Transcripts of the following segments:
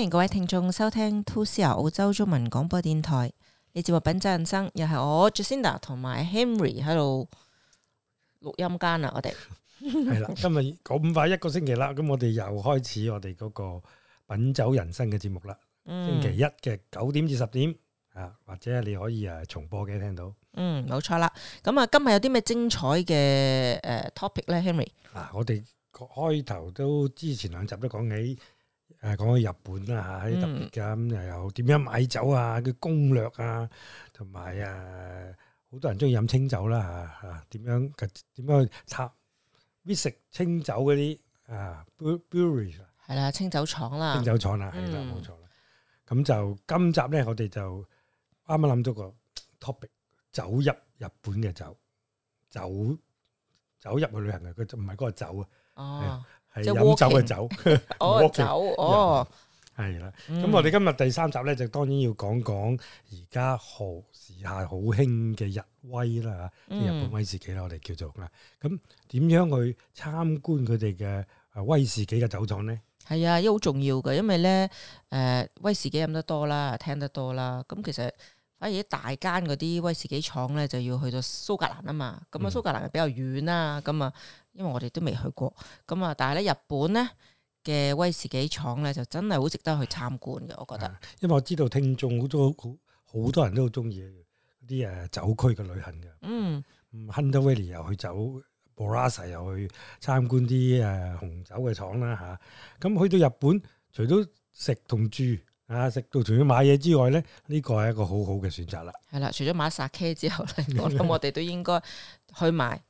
歡迎各位聽眾收聽 2CR 澳洲中文廣播電台，你節目品酒人生，又係我 Jacinda 同埋 Henry 喺度錄音間啊！我哋係啦，今日咁快一個星期啦，咁我哋又開始我哋嗰個品酒人生嘅節目啦。星期一嘅九點至十點啊，或者你可以誒重播嘅，聽到嗯，冇錯啦。咁啊，今日有啲咩精彩嘅誒 topic 咧？Henry 啊，我哋開頭都之前兩集都講起。誒，講起、啊、日本啦吓，啲、啊、特別噶咁又有點樣買酒啊？嘅、啊、攻略啊，同埋啊，好多人中意飲清酒啦吓，點樣點樣去探 visit 清酒嗰啲啊，brewery 係啦，清酒廠啦，清酒廠啦，係啦，冇錯啦。咁就今集咧，我哋就啱啱諗咗個 topic，走入日本嘅酒，走走入去旅行嘅，佢唔係嗰個酒啊。係飲酒嘅 walk ing, 酒，日酒、 嗯，哦，係啦。咁、嗯、我哋今日第三集咧，就當然要講講而家何時下好興嘅日威啦，吓、嗯，即係日本威士忌啦，我哋叫做啊。咁點樣去參觀佢哋嘅威士忌嘅酒廠咧？係啊，因為好重要嘅，因為咧，誒、呃，威士忌飲得多啦，聽得多啦，咁其實。啊！而家大間嗰啲威士忌廠咧就要去到蘇格蘭啊嘛，咁啊蘇格蘭又比較遠啦，咁啊，嗯、因為我哋都未去過，咁啊，但係咧日本咧嘅威士忌廠咧就真係好值得去參觀嘅，我覺得。因為我知道聽眾好多好好多人都好中意啲誒酒區嘅旅行嘅，嗯，Hunter Valley 又去酒，Barossa 又去參觀啲誒紅酒嘅廠啦吓，咁、啊、去到日本，除咗食同住。啊！食到除咗買嘢之外咧，呢個係一個好好嘅選擇啦。係啦，除咗買 Sake 之後咧， 我諗我哋都應該去買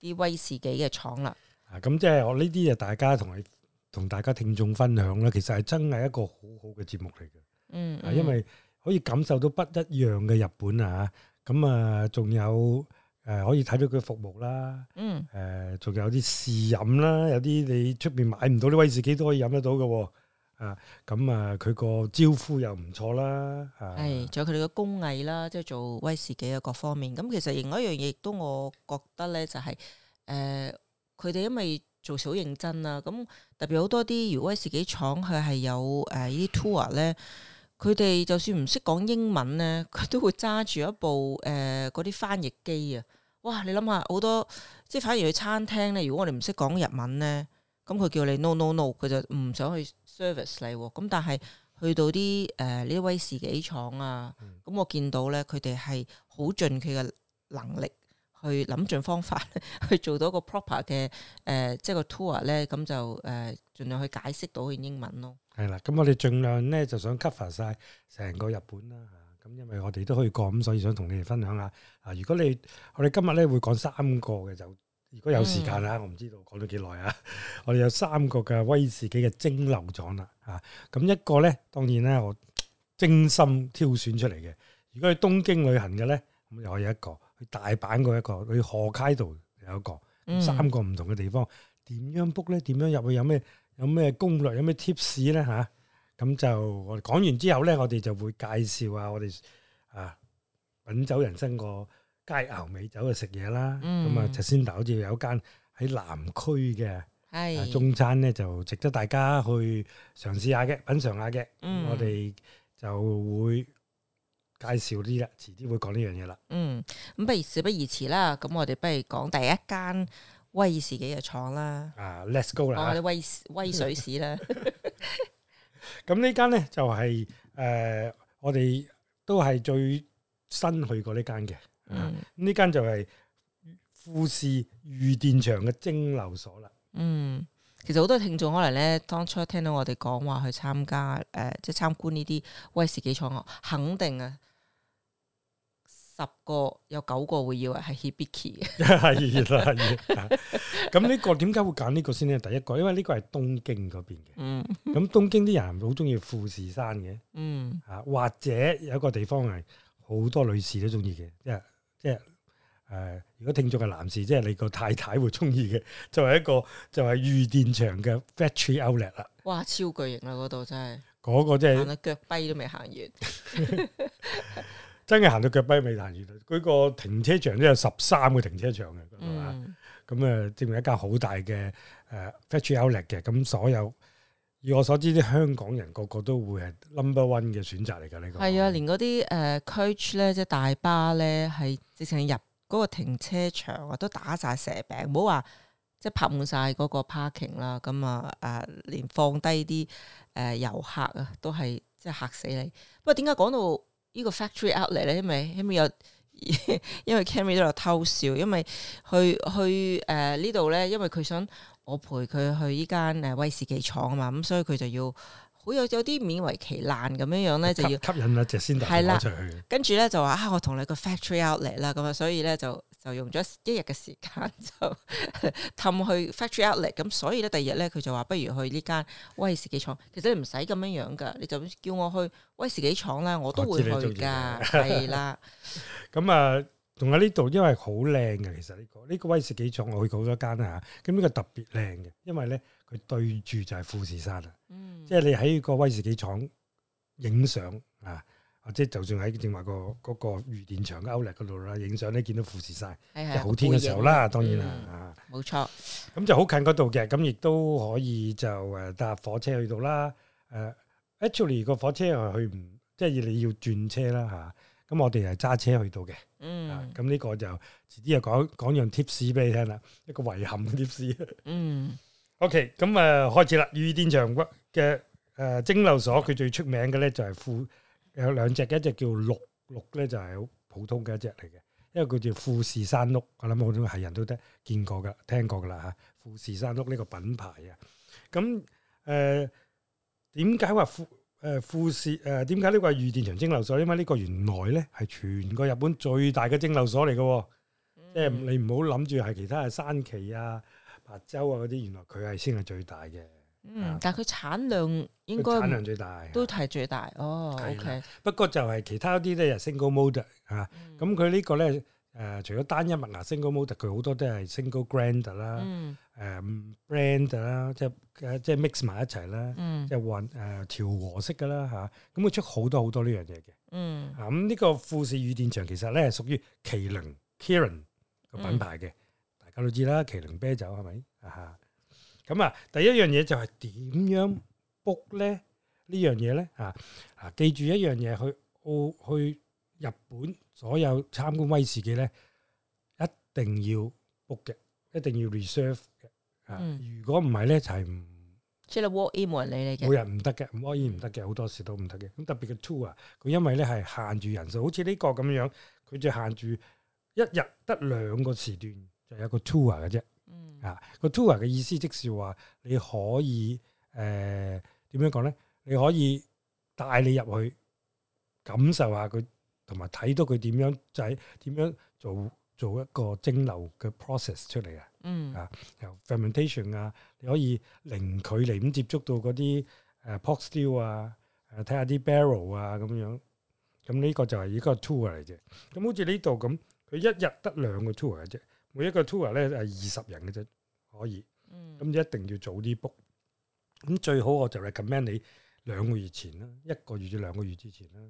啲威士忌嘅廠啦。啊，咁即係我呢啲就大家同你同大家聽眾分享啦。其實係真係一個好好嘅節目嚟嘅。嗯，因為可以感受到不一樣嘅日本啊。咁啊，仲有誒，可以睇到佢嘅服務啦。嗯。誒、呃，仲有啲試飲啦，有啲你出邊買唔到啲威士忌都可以飲得到嘅、啊。啊，咁啊，佢個招呼又唔錯啦，係、啊，仲有佢哋嘅工藝啦，即係做威士忌啊，各方面。咁其實另一樣嘢，亦都我覺得咧，就係、是、誒，佢、呃、哋因為做事好認真啦。咁特別好多啲，如威士忌廠佢係有誒呢啲 tour 咧，佢、啊、哋就算唔識講英文咧，佢都會揸住一部誒嗰啲翻譯機啊。哇！你諗下，好多即係反而去餐廳咧，如果我哋唔識講日文咧，咁佢叫你 no no no，佢、no、就唔想去。service 嚟咁，但係去到啲誒呢啲威士忌廠啊，咁、嗯、我見到咧，佢哋係好盡佢嘅能力去諗盡方法，去做到個 proper 嘅誒，即係個 tour 咧，咁就誒、呃、盡量去解釋到佢英文咯。係啦，咁我哋盡量咧就想 cover 晒成個日本啦，嚇、啊，咁因為我哋都可以過，咁所以想同你哋分享下啊。如果你我哋今日咧會講三個嘅就。如果有時間啊，嗯、我唔知道講咗幾耐啊！ 我哋有三個嘅威士忌嘅蒸餾廠啦，啊，咁一個咧當然咧我精心挑選出嚟嘅。如果去東京旅行嘅咧，咁又有一個去大阪嗰一個，去河街度有一個，三個唔同嘅地方，點、嗯、樣 book 咧？點樣入去？有咩有咩攻略？有咩 tips 咧？嚇、啊，咁就我講完之後咧，我哋就會介紹下啊，我哋啊品酒人生個。街牛尾走去食嘢啦，咁啊、嗯、就先頭好似有一間喺南區嘅中餐咧，是就值得大家去嘗試下嘅，品嘗下嘅。嗯、我哋就會介紹啲啦，遲啲會講呢樣嘢啦。嗯，咁不如事不宜遲啦，咁我哋不如講第一間威士忌嘅廠啦。啊，Let's go 啦，哦、威威水市啦。咁 呢間咧就係、是、誒、呃，我哋都係最新去過呢間嘅。嗯，呢間、啊、就係富士御殿場嘅蒸餾所啦。嗯，其實好多聽眾可能咧，當初聽到我哋講話去參加誒、呃，即係參觀呢啲威士忌廠，肯定啊，十個有九個會以為係 Hibiki 嘅，係啦，咁呢個點解會揀呢個先咧？第一個，因為呢個係東京嗰邊嘅，嗯，咁東京啲人好中意富士山嘅，嗯，啊，或者有一個地方係好多女士都中意嘅，即係。即係誒，如果聽眾嘅男士，即係你個太太會中意嘅，作為一個就係御殿場嘅 factory outlet 啦。哇，超巨型啦，嗰度真係。嗰個真係，行到腳跛都未行完。 真係行到腳跛未行完，佢 個停車場都有十三個停車場嘅，係嘛、嗯？咁啊，正係一間好大嘅誒 factory outlet 嘅，咁所有。以我所知，啲香港人個個都會係 number one 嘅選擇嚟㗎。呢個係啊，連嗰啲誒 Coach 咧，即係大巴咧，係直情入嗰個停車場啊，都打晒蛇餅，唔好話即係泊滿曬嗰個 parking 啦。咁啊啊、呃，連放低啲誒遊客啊，都係即係嚇死你。不過點解講到呢個 factory outlet 咧，因為因為有。 因為 Camry 都喺度偷笑，因為去去誒、呃、呢度咧，因為佢想我陪佢去依間誒威士忌廠啊嘛，咁所以佢就要好有有啲勉為其難咁樣樣咧，就要吸引阿謝先達攞出去，跟住咧就話啊，我同你個 factory outlet 啦，咁啊，所以咧就，就，就，就。就用咗一日嘅時間就氹去 factory outlet，咁所以咧，第二日咧，佢就話不如去呢間威士忌廠。其實你唔使咁樣樣噶，你就叫我去威士忌廠啦，我都會去噶，係啦。咁啊，仲喺呢度，因為好靚嘅。其實呢個呢個威士忌廠，我去過好多間啊吓。咁呢個特別靚嘅，因為咧佢對住就係富士山啊。嗯，即係你喺個威士忌廠影相啊。即係就算喺正話個嗰個御殿場嘅 Outlet 嗰度啦，影相咧見到富士山，好天嘅時候啦，當然啊，冇錯。咁就好近嗰度嘅，咁亦都可以就誒搭火車去到啦。誒，actually 個火車係去唔，即係要你要轉車啦嚇。咁我哋係揸車去到嘅。嗯。咁呢個就遲啲又講講樣 tips 俾你聽啦，一個遺憾嘅 tips。嗯。OK，咁啊開始啦，御殿場嘅誒蒸餾所，佢最出名嘅咧就係富。有兩隻，一隻叫六六咧就係好普通嘅一隻嚟嘅，一個叫富士山屋，我諗好多係人都見過嘅、聽過嘅啦嚇。富士山屋呢個品牌、呃呃、啊，咁誒點解話富誒富士誒點解呢個係御殿場蒸餾所？因為呢個原來咧係全個日本最大嘅蒸餾所嚟嘅，即係、嗯、你唔好諗住係其他嘅山崎啊、白州啊嗰啲，原來佢係先係最大嘅。嗯，但係佢產量應該產量最大，都係最大哦。的哦、o、okay、K，不過就係其他啲咧又 single malt 吓、嗯，咁佢、啊、呢個咧誒，除咗單一麥芽 single malt，佢好多都係 single grain 啦、嗯，誒、嗯、blend 啦，即係即係 mix 埋一齊啦，即係混誒調、嗯呃、和式噶啦吓，咁佢出好多好多呢樣嘢嘅。嗯，很多很多嗯啊咁呢、嗯這個富士御殿場其實咧屬於麒麟 Kirin 個品牌嘅、嗯，大家都知啦，麒麟啤酒係咪啊？咁啊，第一樣嘢就係點樣 book 咧？呢樣嘢咧啊！啊，記住一樣嘢，去澳、去日本所有參觀威士忌咧，一定要 book 嘅，一定要 reserve 嘅。啊，嗯、如果唔係咧，就係唔即係你 walk in 冇人理你嘅，每人唔得嘅，唔 walk in 唔得嘅，好多時都唔得嘅。咁特別嘅 tour 啊，佢因為咧係限住人數，好似呢個咁樣，佢就限住一日得兩個時段，就有一個 tour 嘅啫。啊，這個 tour 嘅意思即是話你可以誒點、呃、樣講咧？你可以帶你入去感受下佢，同埋睇到佢點樣就係點樣做做一個蒸餾嘅 process 出嚟啊！嗯啊，由 fermentation 啊，你可以零距離咁接觸到嗰啲誒 pot still 啊，誒睇下啲 barrel 啊咁、啊 bar 啊、樣。咁、嗯、呢、這個就係、嗯、而家個 tour 嚟啫。咁好似呢度咁，佢一日得兩個 tour 嘅啫。每一個 tour 咧，係二十人嘅啫，可以，咁、嗯嗯、一定要早啲 book。咁最好我就 recommend 你兩個月前啦，一個月至兩個月之前啦。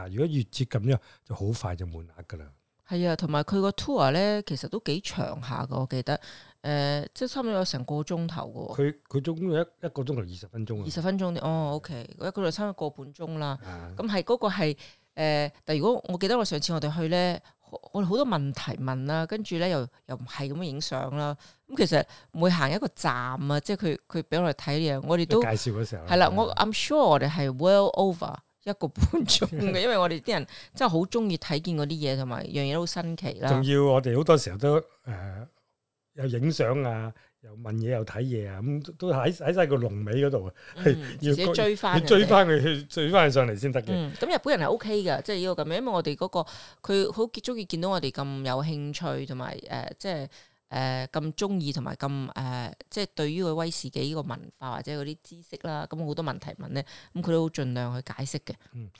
啊，如果越接近咧，就好快就滿額噶啦。係啊，同埋佢個 tour 咧，其實都幾長下噶，我記得，誒、呃，即係差唔多有成個鐘頭噶。佢佢總共一一個鐘頭二十分鐘啊。二十分鐘哦，OK，嗰一個就差唔多個半鐘啦。咁係嗰個係，誒、呃，但係如果我記得我上次我哋去咧。我哋好多問題問啦，跟住咧又又唔係咁樣影相啦。咁其實每行一個站啊，即係佢佢俾我哋睇呢樣，我哋都介紹嘅時候係啦。的嗯、我 I'm sure 我哋係 well over 一個半鐘嘅， 因為我哋啲人真係好中意睇見嗰啲嘢同埋樣嘢都好新奇啦。仲要，我哋好多時候都誒、呃、有影相啊。又問嘢又睇嘢啊！咁都喺喺曬個龍尾嗰度啊，要自己追翻，追翻佢去追翻佢上嚟先得嘅。咁日本人係 OK 嘅，即係呢個咁樣，因為我哋嗰個，佢好中意見到我哋咁有興趣同埋誒，即係誒咁中意同埋咁誒，即係對於個威士忌呢個文化或者嗰啲知識啦，咁好多問題問咧，咁佢都盡量去解釋嘅。嗯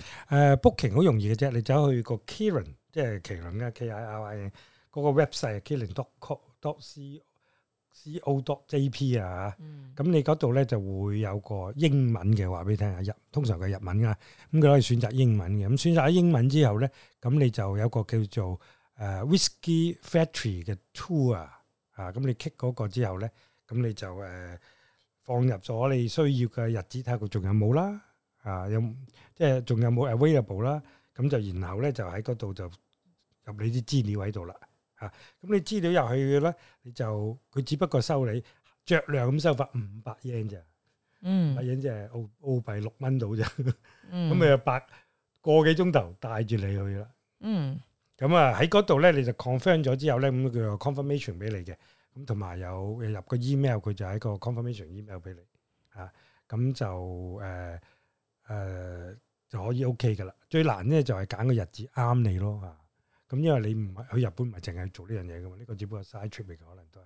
，booking 好容易嘅啫，你走去個 Kirin 即係麒麟嘅 K I R I N 嗰個 website Kirin dot com c o d o j p 啊嚇、嗯，咁你嗰度咧就會有個英文嘅話俾你聽啊，日通常嘅日文啊。咁佢可以選擇英文嘅，咁選擇咗英文之後咧，咁你就有個叫做誒、呃、Whisky Factory 嘅 tour 啊，啊咁你 k i c k 嗰個之後咧，咁你就誒、呃、放入咗你需要嘅日子，睇下佢仲有冇啦，啊有即係仲有冇 available 啦、啊，咁就然後咧就喺嗰度就入你啲資料喺度啦。咁、啊、你資料入去嘅啦，你就佢只不過收你着量咁收翻五百日圓咋，嗯，百日圓即係澳澳幣六蚊到啫，咁啊百個幾鐘頭帶住你去啦，嗯，咁啊喺嗰度咧你就 confirm 咗之後咧，咁佢就 confirmation 俾你嘅，咁同埋有入個，email，有個 email 佢就係一個 confirmation email 俾你，啊，咁就誒誒、呃呃、就可以 OK 嘅啦，最難咧就係揀個日子啱你咯嚇。咁因為你唔係去日本，唔係淨係做呢樣嘢嘅嘛？呢個只不過嘥出嚟嘅可能都係，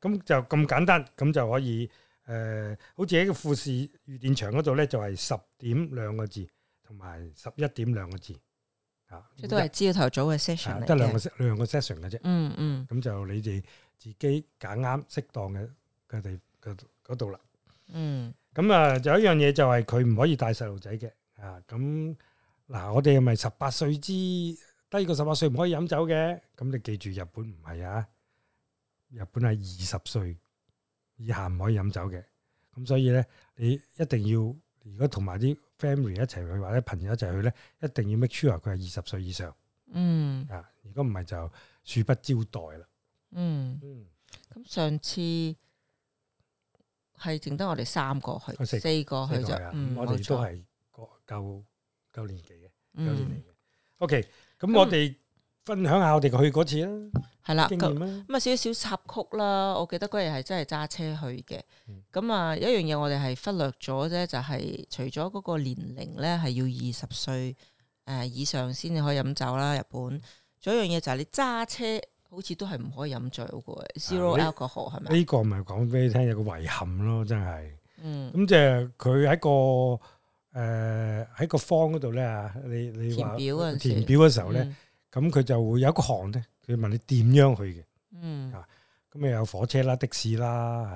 咁、嗯、就咁簡單，咁、嗯、就可以誒、呃，好似喺個富士御殿場嗰度咧，就係、是、十點兩個字，同埋十一點兩個字，啊，即都係朝頭早嘅 session，得、啊、兩個 session，兩個 session 嘅啫。嗯嗯，咁就你哋自己揀啱適當嘅嘅地嗰度啦。嗯，咁啊、嗯、有一樣嘢就係佢唔可以帶細路仔嘅啊。咁嗱、啊，我哋咪十八歲之。第二個十八歲唔可以飲酒嘅，咁你記住日本唔係啊，日本係二十歲以下唔可以飲酒嘅，咁所以咧你一定要如果同埋啲 family 一齊去或者朋友一齊去咧，一定要 make sure 佢係二十歲以上，嗯啊，如果唔係就恕不招待啦。嗯，咁上次係剩得我哋三個去，四個去咗，我哋都係夠夠年紀嘅，夠年齡嘅。O K。咁我哋分享下我哋去嗰次啦，係啦，咁咁啊少少插曲啦。我記得嗰日係真係揸車去嘅。咁、嗯、啊，一樣嘢，我哋係忽略咗啫，就係、是，除咗嗰個年齡咧，係要二十歲誒以上先至可以飲酒啦。日本仲有一樣嘢，就係你揸車，好似都係唔可以飲、啊、醉嘅。Zero alcohol 係咪？呢個咪講俾你聽有個遺憾咯，真係。嗯，咁即係佢喺一個。誒喺、呃、個方嗰度咧啊，你你話填表嗰陣時候，時候咧，咁佢、嗯、就會有一個行咧，佢問你點樣去嘅，嗯、啊，咁咪有火車啦、的士啦、誒、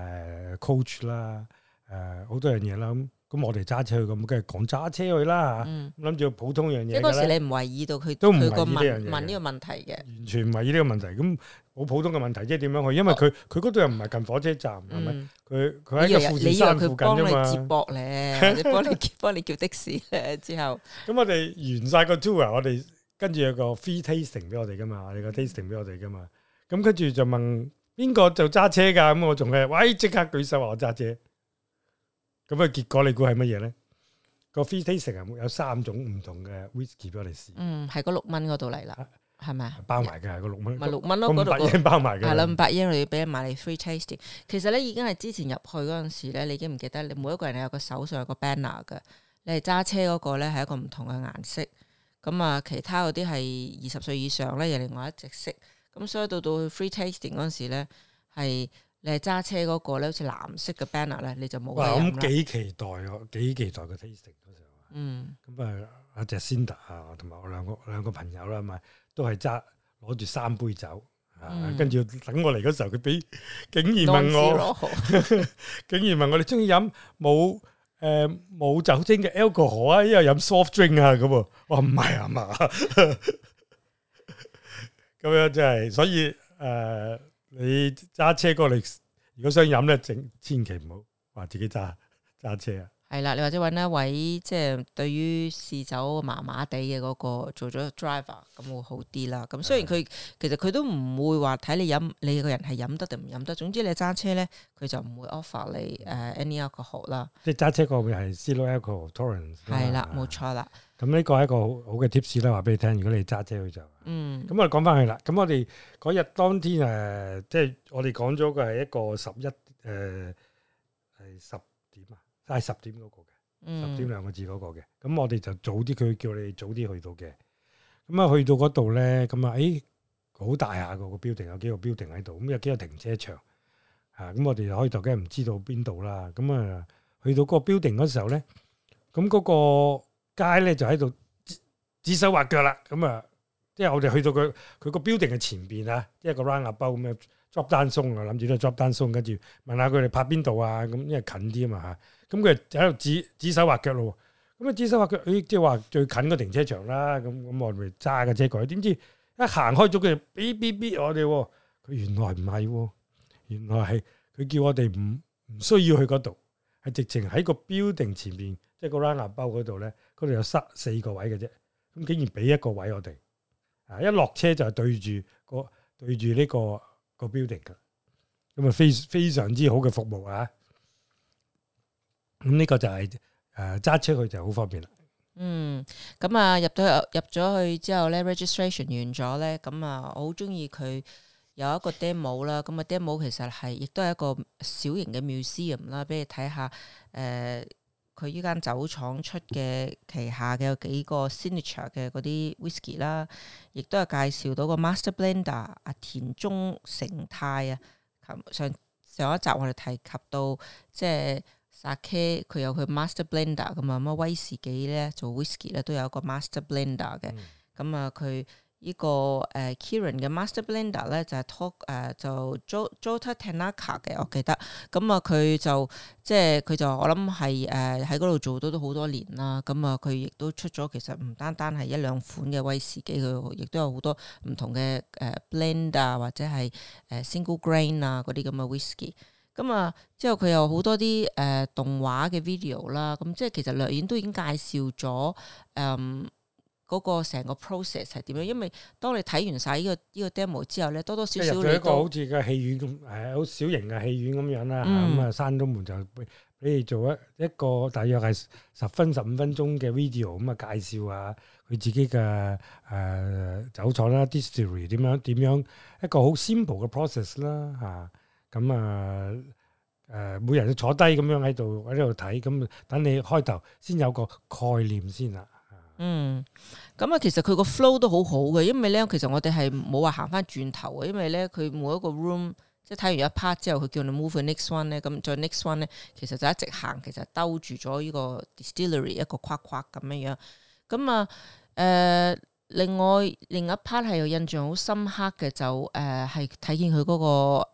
呃、coach 啦、呃、誒好多樣嘢啦咁。咁我哋揸車去咁，梗係講揸車去啦吓。諗住普通樣嘢。嗰時你唔懷意到佢佢個問問呢個問題嘅。題完全唔懷意呢個問題，咁好普通嘅問題，即係點樣去？因為佢佢嗰度又唔係近火車站，係咪？佢佢喺個富士山附近啫嘛。接駁咧，你幫你幫 你，你叫的士咧之後。咁我哋完晒個 tour，我哋跟住有個 free tasting 俾我哋噶嘛，你個 tasting 俾我哋噶嘛。咁跟住就問邊個就揸車噶，咁我仲係喂即刻舉手話我揸車。咁啊，結果你估係乜嘢咧？個 free tasting 係有三種唔同嘅 whisky 俾我哋試。嗯，係嗰六蚊嗰度嚟啦，係咪啊？吧包埋嘅，個、啊、六蚊。咪、啊、六蚊咯，嗰度已經包埋嘅。係啦，五百英鎊要俾埋你 free tasting。其實咧，已經係之前入去嗰陣時咧，你已經唔記得。你每一個人有個手上有個 banner 嘅，你係揸車嗰個咧係一個唔同嘅顏色。咁啊，其他嗰啲係二十歲以上咧有另外一隻色。咁所以到到 free tasting 嗰陣時咧係。你係揸車嗰個咧，好似藍色嘅 banner 咧，你就冇。咁幾期待哦，幾期待個 tasting 嗰時候。嗯。咁啊，阿 Jacinda 啊，同埋我兩個兩個朋友啦，咪都係揸攞住三杯酒，跟住等我嚟嗰時候，佢俾竟然問我，竟然問我你中意飲冇誒冇酒精嘅 alcohol 啊，因為飲 soft drink 啊，咁我唔係啊嘛。咁樣真係，所以誒。你揸車過嚟，如果想飲咧，整千祈唔好話自己揸揸車啊。係啦，你或者搵一位即係對於試酒麻麻地嘅嗰個做咗 driver，咁會好啲啦。咁雖然佢的其實佢都唔會話睇你飲，你個人係飲得定唔飲得。總之你揸車咧，佢就唔會 offer 你誒的、uh, any alcohol 啦。即係揸車過會係 zero alcohol tolerance。係啦，冇錯啦。咁呢個係一個好好嘅 tips 啦，話俾你聽。如果你揸車去就，嗯，咁我哋講翻去啦。咁我哋嗰日當天誒、呃，即係我哋講咗個係一個十一誒係十點啊，係十點嗰、那個嘅，十點兩個字嗰個嘅。咁、嗯、我哋就早啲，佢叫你早啲去到嘅。咁、嗯、啊，去到嗰度咧，咁、嗯、啊，誒、欸，好大下個個 building，有幾個 building 喺度，咁有幾個停車場啊。咁、嗯、我哋又可以就梗係唔知道邊度啦。咁、嗯、啊，去到嗰個 building 嗰時候咧，咁、那、嗰個。街咧就喺度指，指手畫腳啦，咁、嗯、啊，即係我哋去到佢佢個 building 嘅前邊啊，即係個 run o 阿包咁樣 drop dance 鬆啊，諗住都係 drop d a n 鬆，跟住問下佢哋拍邊度啊，咁因為近啲啊嘛吓，咁、嗯、佢就喺度指指手畫腳咯，咁、嗯、啊指手畫腳，誒，即係話最近個停車場啦，咁、嗯、咁、嗯、我咪揸架車過，點知一行開咗佢就嗶嗶嗶嗶、啊：「bbb 我哋，佢原來唔係、啊，原來係佢叫我哋唔唔需要去嗰度。直情喺個 building 前面，即係個拉拿包嗰度咧，嗰度有塞四個位嘅啫，咁竟然俾一個位我哋，啊一落車就係對住個、對住呢個、個 building，咁啊非非常之好嘅服務啊，咁呢個就係誒揸車去就好方便啦。嗯，咁啊入到去入咗去之後咧，registration 完咗咧，咁啊我好中意佢。有一個 demo 啦，咁啊 demo 其實係亦都係一個小型嘅 museum 啦，俾你睇下誒，佢依間酒廠出嘅旗下嘅幾個 signature 嘅嗰啲 whisky 啦，亦都係介紹到個 master blender 阿田中成泰啊，上上一集我哋提及到即係 sake，佢有佢 master blender 咁啊，咁威士忌咧，做 whisky 咧都有一個 master blender 嘅，咁啊佢。嗯嗯個呃、K ender，呢個誒 Kieran 嘅 Master Blender 咧就係、是、talk 誒、呃、就 Jota Tanaka 嘅，我記得。咁、嗯、啊，佢就即係佢就我諗係誒喺嗰度做咗都好多年啦。咁、嗯、啊，佢亦都出咗其實唔單單係一兩款嘅威士忌，佢亦都有好多唔同嘅誒、呃、Blender 或者係誒、呃、Single Grain 啊嗰啲咁嘅 Whisky。咁啊、嗯、之後佢有好多啲誒、呃、動畫嘅 video 啦。咁、嗯、即係其實略演都已經介紹咗嗯。嗰個成個 process 係點樣？因為當你睇完晒、呢、呢個呢、呢個 demo 之後咧，多多少少你一個好似個戲院咁，係好小型嘅戲院咁樣啦。咁、嗯、啊，山東門就俾你做一一個大約係十分十五分鐘嘅 video 咁啊，介紹啊佢自己嘅誒走廠啦，history 點樣點樣一個好 simple 嘅 process 啦嚇。咁啊誒、啊，每人都坐低咁樣喺度喺度睇，咁等你開頭先有個概念先啦。嗯，咁啊，其實佢個 flow 都好好嘅，因為咧，其實我哋係冇話行翻轉頭嘅，因為咧，佢每一個 room 即係睇完一 part 之後，佢叫你 move to next one 咧，咁再 next one 咧，其實就一直行，其實兜住咗呢個 distillery 一個框框咁樣樣。咁啊，誒，另外另一 part 係有印象好深刻嘅，就誒係睇見佢嗰個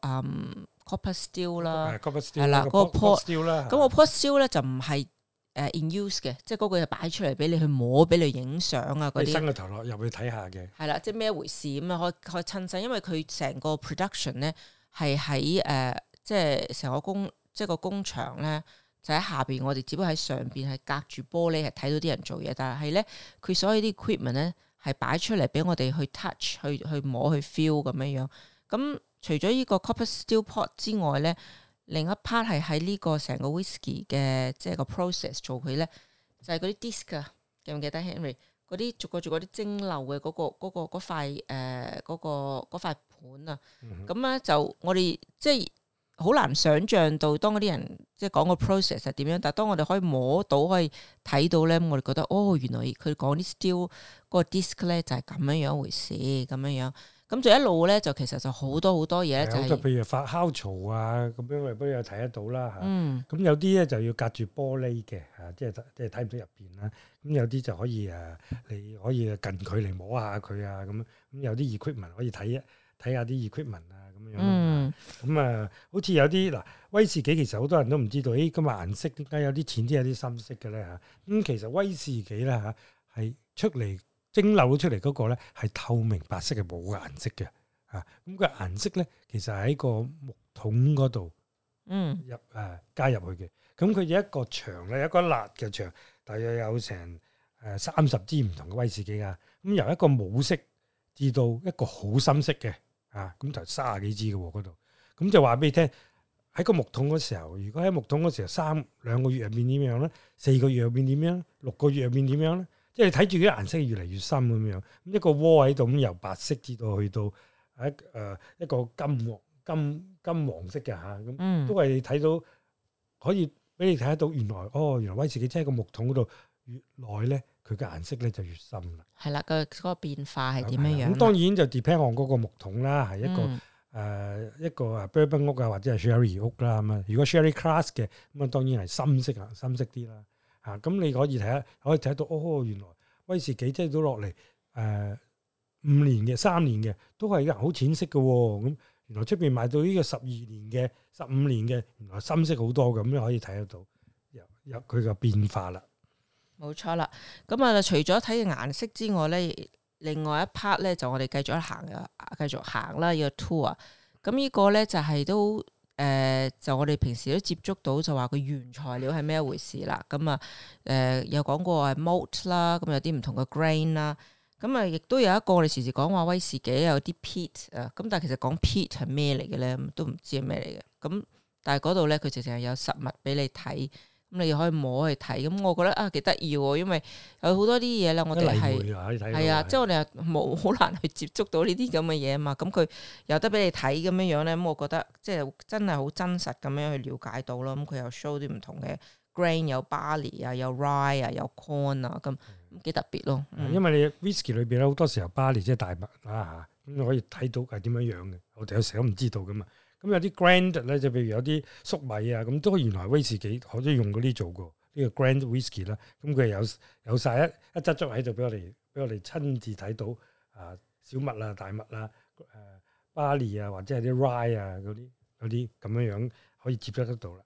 copper still 啦，係啦，嗰個 pot still 啦，咁個 pot still 咧就唔係。誒、uh, in use 嘅，即係嗰個就擺出嚟俾你去摸，俾你影相啊嗰啲。佢伸個頭落入去睇下嘅。係啦，即係咩回事咁啊？可可親身，因為佢成個 production 咧係喺誒，即係成個工，即係個工場咧就喺、是、下邊。我哋只不過喺上邊係隔住玻璃係睇到啲人做嘢，但係咧佢所有啲 equipment 咧係擺出嚟俾我哋去 touch、去去摸、去 feel 咁樣樣。咁除咗呢個 copper steel pot 之外咧。另一 part 係喺呢個成個 whisky 嘅即係個 process 做佢咧，就係、是、嗰啲 disk 啊，記唔記得 Henry？嗰啲逐個逐、嗰個啲蒸餾嘅嗰個嗰個嗰塊誒嗰個嗰塊盤啊，咁咧、嗯、哼就我哋即係好難想像到當嗰啲人即係講個 process 係點樣，但係當我哋可以摸到可以睇到咧，我哋覺得哦，原來佢講啲 still 個 disk 咧就係咁樣樣一回事，咁樣樣。咁就一路咧，就其實就好多好多嘢、就是，就譬如發酵槽啊，咁樣不如有睇得到啦嚇。咁、嗯啊、有啲咧就要隔住玻璃嘅，嚇、啊，即係即係睇唔到入邊啦。咁有啲就可以誒、啊，你可以近距離摸下佢啊，咁。咁有啲 equipment 可以睇睇下啲 equipment 啊，咁、啊、樣、嗯啊啊。嗯。咁啊，好似有啲嗱威士忌，其實好多人都唔知道，咦，咁啊顏色點解有啲淺啲，有啲深色嘅咧嚇？咁其實威士忌咧嚇係出嚟。蒸餾出嚟嗰個咧係透明白色嘅，冇顏色嘅。啊，咁個顏色咧其實喺個木桶嗰度、嗯啊，嗯入誒加入去嘅。咁佢有一個牆咧，有一個辣嘅牆，大約有成誒、呃、三十支唔同嘅威士忌啊。咁由一個冇色至到一個好深色嘅，啊，咁、啊、就三十幾支嘅喎嗰度。咁、嗯、就話俾你聽，喺個木桶嗰時候，如果喺木桶嗰時候三兩個月入面點樣咧？四個月入面點樣？六個月入面點樣咧？即係睇住啲顏色越嚟越深咁樣，咁一個窩喺度咁由白色至到去到喺誒一個金黃金金黃色嘅嚇，咁都係睇到可以俾你睇得到原來哦，原來威士忌真係個木桶嗰度越耐咧，佢嘅顏色咧就越深啦。係啦，個嗰個變化係點樣樣？咁當然就 depend on 嗰個木桶啦，係、嗯、一個誒、呃、一個啊 bourbon 屋啊或者係 sherry 屋啦咁啊。如果 sherry class 嘅咁啊，當然係深色啊，深色啲啦。啊，咁你可以睇下，可以睇到哦，原來威士忌即係都落嚟誒五年嘅、三年嘅都係嘅，好淺色嘅喎、哦。咁原來出邊賣到呢個十二年嘅、十五年嘅，原來深色好多咁，可以睇得到有有佢嘅變化啦。冇錯啦，咁啊除咗睇嘅顏色之外咧，另外一 part 咧就我哋繼續行啊，繼續行啦，要、這個、tour 啊。咁呢個咧就係、是、都。誒、呃、就我哋平時都接觸到就話佢原材料係咩一回事啦，咁啊誒有講過誒 malt 啦、嗯，咁有啲唔同嘅 grain 啦、嗯，咁啊亦都有一個我哋時時講話威士忌有啲 peat 啊，咁但係其實講 peat 係咩嚟嘅咧，都唔知係咩嚟嘅，咁、嗯、但係嗰度咧佢直淨係有實物俾你睇。咁你又可以摸去睇，咁我覺得啊幾得意喎，因為有好多啲嘢啦，我哋係係啊，的的即係我哋冇好難去接觸到呢啲咁嘅嘢啊嘛。咁佢、嗯、有得俾你睇咁樣樣咧，咁我覺得即係真係好真實咁樣去了解到咯。咁佢、嗯嗯、又 show 啲唔同嘅 grain，有 barley 啊，有 rye 啊，有 corn 啊，咁幾、嗯、特別咯。嗯嗯、因為你 whisky 裏邊好多時候 barley 即係大麥啊，咁可以睇到係點樣樣嘅，我哋有時都唔知道噶嘛。咁、嗯、有啲 grand 咧，就譬如有啲粟米啊，咁都原來威士忌，我都用嗰啲做過呢個 grand whisky 啦。咁佢有有晒一一隻雀喺度俾我哋，俾我哋親自睇到啊，小麥啊、大麥啊、誒 barley 啊，或者係啲 rye 啊嗰啲啲咁樣樣可以接觸得到啦。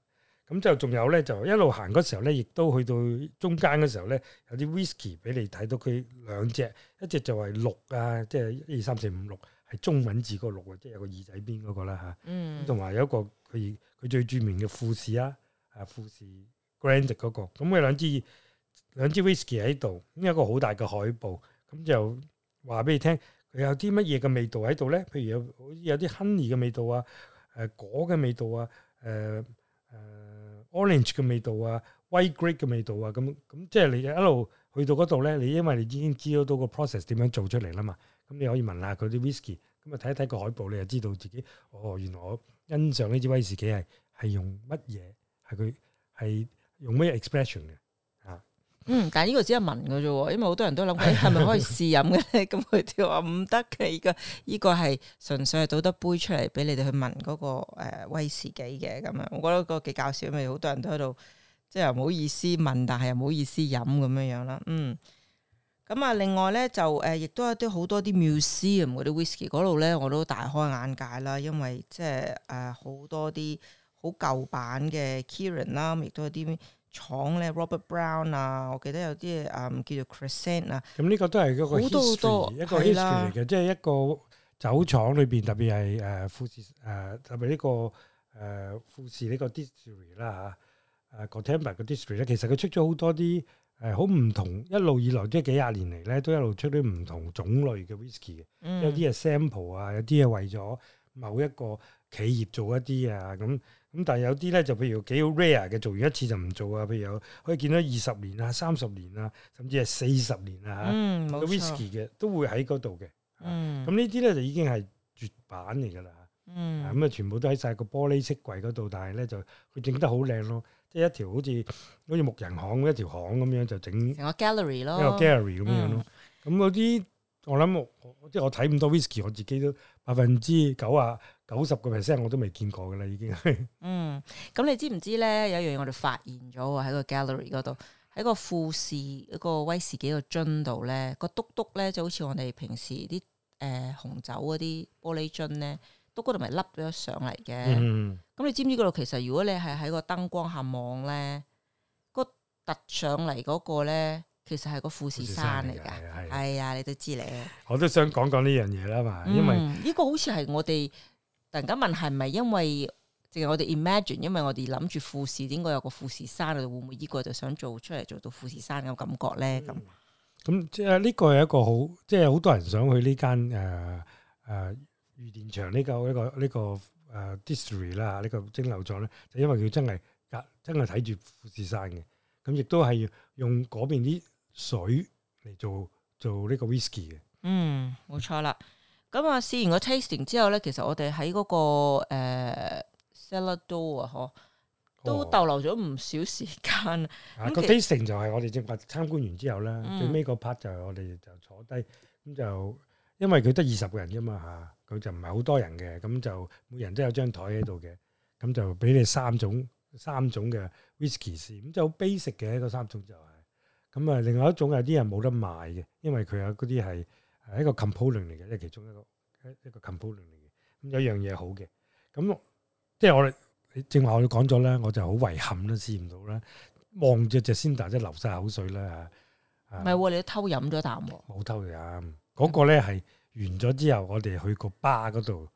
咁就仲有咧，就一路行嗰時候咧，亦都去到中間嘅時候咧，有啲 whisky 俾你睇到佢兩隻，一隻就係六啊，即係一二三四五六。係中文字個六啊，即、就、係、是、有個耳仔邊嗰、那個啦嚇。咁同埋有一個佢佢最著名嘅富士啊，啊富士 Grand 嗰、那個。咁佢兩支兩支 Whisky 喺度，咁有一個好大嘅海報。咁就話俾你聽，佢有啲乜嘢嘅味道喺度咧？譬如有好似有啲 honey 嘅味道啊，誒果嘅味道啊，誒、呃、誒、呃、orange 嘅味道啊，white grape 嘅味道啊。咁咁、啊、即係你一路去到嗰度咧，你因為你已經知道到個 process 點樣做出嚟啦嘛。咁你可以聞下佢啲威士忌，咁啊睇一睇個海報，你就知道自己，哦，原來我欣賞呢支威士忌係係用乜嘢，係佢係用咩 expression 嘅嚇。啊、嗯，但係呢個只係聞嘅啫，因為好多人都諗佢係咪可以試飲嘅咧，咁佢哋話唔得嘅，依個依、依個係純粹係倒得杯出嚟俾你哋去聞嗰、那個、呃、威士忌嘅咁樣。我覺得個幾搞笑，因為好多人都喺度即係又唔好意思問，但係又唔好意思飲咁樣樣啦。嗯。咁啊，另外咧就誒，亦都有啲好多啲 museum 啊，嗰啲 whiskey 嗰度咧，我都大開眼界啦，因為即係誒好多啲好舊版嘅 Kirin 啦，亦都有啲廠咧，Robert Brown 啊，我記得有啲誒、嗯、叫做 Crescent 啊、嗯。咁呢個都係好多好多一個 history，一個 history 嚟嘅，對啦 即係一個酒廠裏邊、呃，特別係誒富士誒、啊，特別呢個誒富士呢個 district 啦嚇，誒 Gotemba 嘅 district 咧，其實佢出咗好多啲。係好唔同，一路以來即係幾廿年嚟咧，都一路出啲唔同種類嘅 whisky 嘅，嗯、有啲係 sample 啊，有啲係為咗某一個企業做一啲啊咁，咁但係有啲咧就譬如幾好 rare 嘅，做完一次就唔做啊。譬如有可以見到二十年啊、三十年啊，甚至係四十年啊嚇，whisky 嘅都會喺嗰度嘅。咁、嗯啊、呢啲咧就已經係絕版嚟㗎啦。咁、嗯、啊，全部都喺晒個玻璃飾櫃嗰度，但係咧就佢整得好靚咯。即係一條好似好似牧人巷一條巷咁樣就整成個 gallery 咯，一個 gallery 咁樣咯。咁嗰啲我諗，即係我睇咁多 whisky 我自己都百分之九啊九十個 percent 我都未見過噶啦，已經。 嗯，咁你知唔知咧？有一樣嘢我哋發現咗喎，喺個 gallery 嗰度，喺個富士嗰個威士忌個樽度咧，個嘟嘟咧就好似我哋平時啲誒、呃、紅酒嗰啲玻璃樽咧。嗰度咪凹咗上嚟嘅，咁、嗯嗯、你知唔知嗰度？其實如果你係喺個燈光下望咧，嗰凸上嚟嗰個咧，其實係個富士山嚟嘅。係啊、哎，你都知咧。我都想講講呢樣嘢啦嘛，因為呢、嗯這個好似係我哋突然間問係咪因為，淨係我哋 imagine，因為我哋諗住富士點解有個富士山，會唔會呢個就想做出嚟做到富士山咁感覺咧？咁咁即係呢個係一個好，即係好多人想去呢間誒誒。呃呃御殿場呢、這個呢、這個呢、這個誒 district、啊、啦呢、這個蒸餾廠咧，就因為佢真係隔真係睇住富士山嘅，咁亦都係用嗰邊啲水嚟做做呢個 whisky 嘅。嗯，冇錯啦。咁啊，試完個 tasting 之後咧，其實我哋喺嗰個誒 cellar door 啊，嗬、呃，都逗留咗唔少時間。個 tasting、哦嗯啊、就係我哋正話參觀完之後啦，嗯、最尾個 part 就係我哋就坐低咁就，因為佢得二十個人啫嘛吓。啊啊啊啊啊啊啊啊佢就唔係好多人嘅，咁就每人都有張台喺度嘅，咁就俾你三種三種嘅 whisky 試咁即好 basic 嘅嗰三種就係、是，咁啊另外一種有啲人冇得賣嘅，因為佢有嗰啲係係一個 component 嚟嘅，即係其中一個一個 component 嚟嘅。咁有一樣嘢好嘅，咁即係我哋正話我哋講咗咧，我就好遺憾啦，試唔到啦，望住只 Cinda 即流晒口水啦。唔、嗯、係，你偷飲咗啖噃？冇偷飲，嗰、那個咧係。完咗之後，我哋去個吧嗰度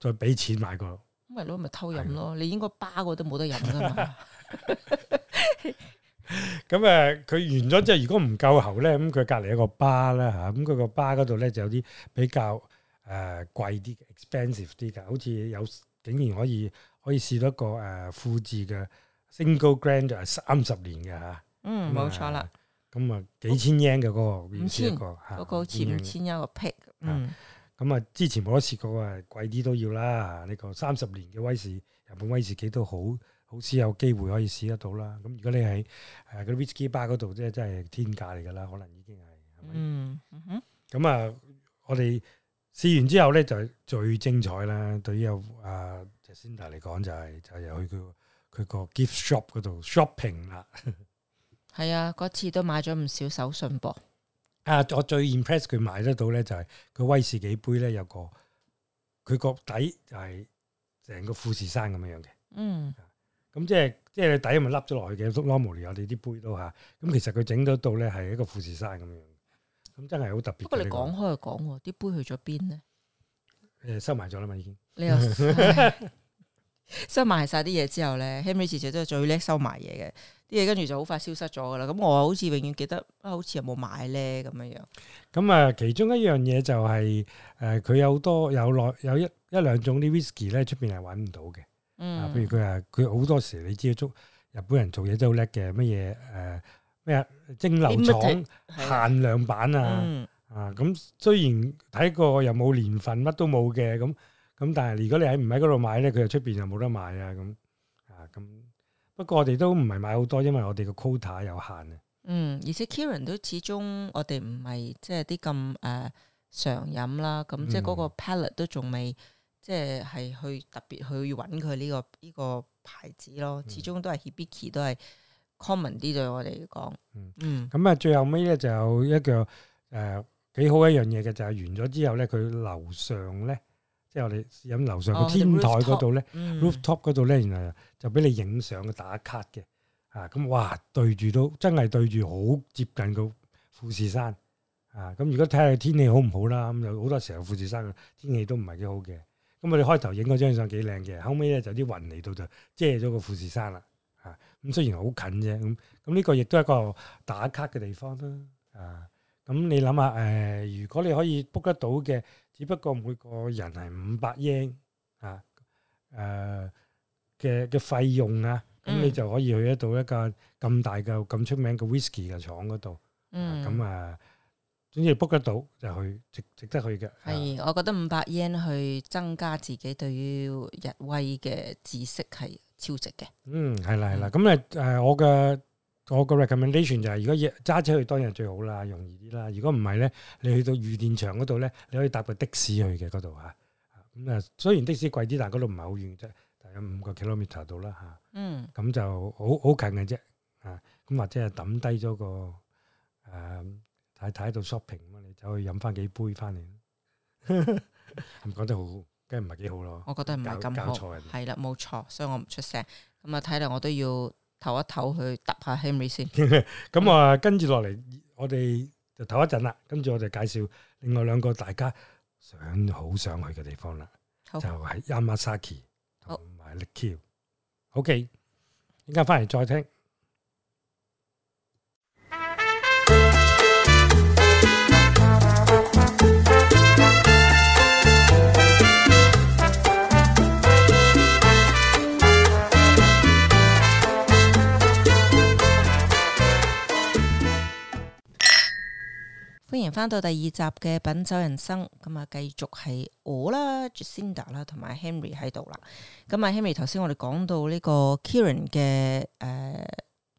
再俾錢買個，咁咪攞咪偷飲咯。你應該吧個都冇得飲噶嘛。咁誒，佢完咗之後如果唔夠喉咧，咁佢隔離有個吧啦嚇，咁佢個吧嗰度咧就有啲比較誒貴啲、嘅 expensive 啲嘅，好似有竟然可以可以試到一個誒富士嘅 single grand 三十年嘅嚇，嗯，冇錯啦。咁啊幾千円嘅嗰個，五千嗰個好似五千一個啤。嗯，咁啊，之前冇得試過啊，貴啲都要啦。呢、呢個三十年嘅威士日本威士忌都好，好似有機會可以試得到啦。咁如果你喺 w 誒個威士忌吧嗰度，即係真係天價嚟噶啦，可能已經係。嗯嗯哼。咁啊、嗯，我哋試完之後咧，就最精彩啦。對於阿 Jacinda 嚟講，就係就係去佢佢個 gift shop 嗰度 shopping 啦。係、嗯、 啊，嗰次都買咗唔少手信噃、啊。啊！我最 impress 佢買得到咧，就係佢威士忌杯咧，有個佢個底就係成個富士山咁樣樣嘅。嗯，咁即係即係你底咪凹咗落去嘅。normally 我哋啲杯都吓，咁其實佢整得到咧係一個富士山咁樣，咁真係好特別。不過你講開又講，啲杯去咗邊咧？誒，收埋咗啦嘛，已經。你又收埋晒啲嘢之後咧，Henry 小姐都係最叻收埋嘢嘅。啲嘢跟住就好快消失咗噶啦，咁我好似永遠記得啊，好似有冇買咧咁樣樣。咁啊、嗯，嗯、其中一樣嘢就係、是、誒，佢、呃、有多有內有一一兩種啲 whisky 咧，出邊係揾唔到嘅。啊，譬如佢話佢好多時，你知足日本人做嘢都好叻嘅，乜嘢誒咩啊蒸餾廠麼限量版啊、嗯、啊！咁、嗯、雖然睇過又冇年份，乜都冇嘅，咁咁，但係如果你喺唔喺嗰度買咧，佢又出邊又冇得買啊咁啊咁。啊啊啊啊啊不過我哋都唔係買好多，因為我哋個 quota 有限啊。嗯，而且 Kieran 都始終我哋唔係即係啲咁誒常飲啦，咁即係嗰個 palette 都仲未即係係去特別去揾佢呢個呢、呢個牌子咯。始終都係 Hibiki 都係 common 啲對我哋嚟講。嗯，咁啊、嗯嗯、最後尾咧就有一個誒幾、呃、好一樣嘢嘅，就係、是、完咗之後咧佢樓上咧。之後你喺樓上個天台嗰度咧，rooftop 嗰度咧，啊嗯、原來就俾你影相打卡嘅，啊咁哇對住到，真係對住好接近個富士山，啊咁如果睇下天氣好唔好啦，咁有好多時候富士山嘅天氣都唔係幾好嘅，咁我哋開頭影嗰張相幾靚嘅，後尾咧就啲雲嚟到就遮咗個富士山啦，啊咁雖然好近啫，咁咁呢個亦都係一個打卡嘅地方咯，啊咁、啊啊、你諗下誒，如果你可以 book 得到嘅。只不過每個人係五百英，啊誒嘅嘅費用啊，咁你就可以去得到一個咁大嘅咁出名嘅 whisky 嘅廠嗰度。嗯，咁啊，總之你 book 得到就去，值值得去嘅。係，我覺得五百英去增加自己對於日威嘅知識係超值嘅。嗯，係啦係啦，咁咧誒，我嘅。我個 recommendation 就係、是，如果要揸車去當然最好啦，容易啲啦。如果唔係咧，你去到御殿場嗰度咧，你可以搭個的士去嘅嗰度嚇。咁啊，雖然的士貴啲，但係嗰度唔係好遠啫，大概五個 kilometer 度啦嚇。咁、嗯、就好好近嘅啫。嚇、啊，咁或者係抌低咗個誒太太喺度 shopping 咁啊，你走去飲翻幾杯翻嚟。係咪講得好，梗係唔係幾好咯？我覺得唔係咁好。係啦，冇錯，錯，所以我唔出聲。咁啊，睇嚟我都要。唞一唞去揼下 Henry 先，咁啊跟住落嚟，我哋就唞一陣啦。跟住我哋介紹另外兩個大家想好想去嘅地方啦，好就係 Yamazaki 同埋 Yoichi。OK，依家翻嚟再聽。歡迎翻到第二集嘅品酒人生，咁啊繼續係我啦，Jacinda 啦，同埋 Henry 喺度啦。咁啊，Henry 頭先我哋講到呢個 Kieran 嘅誒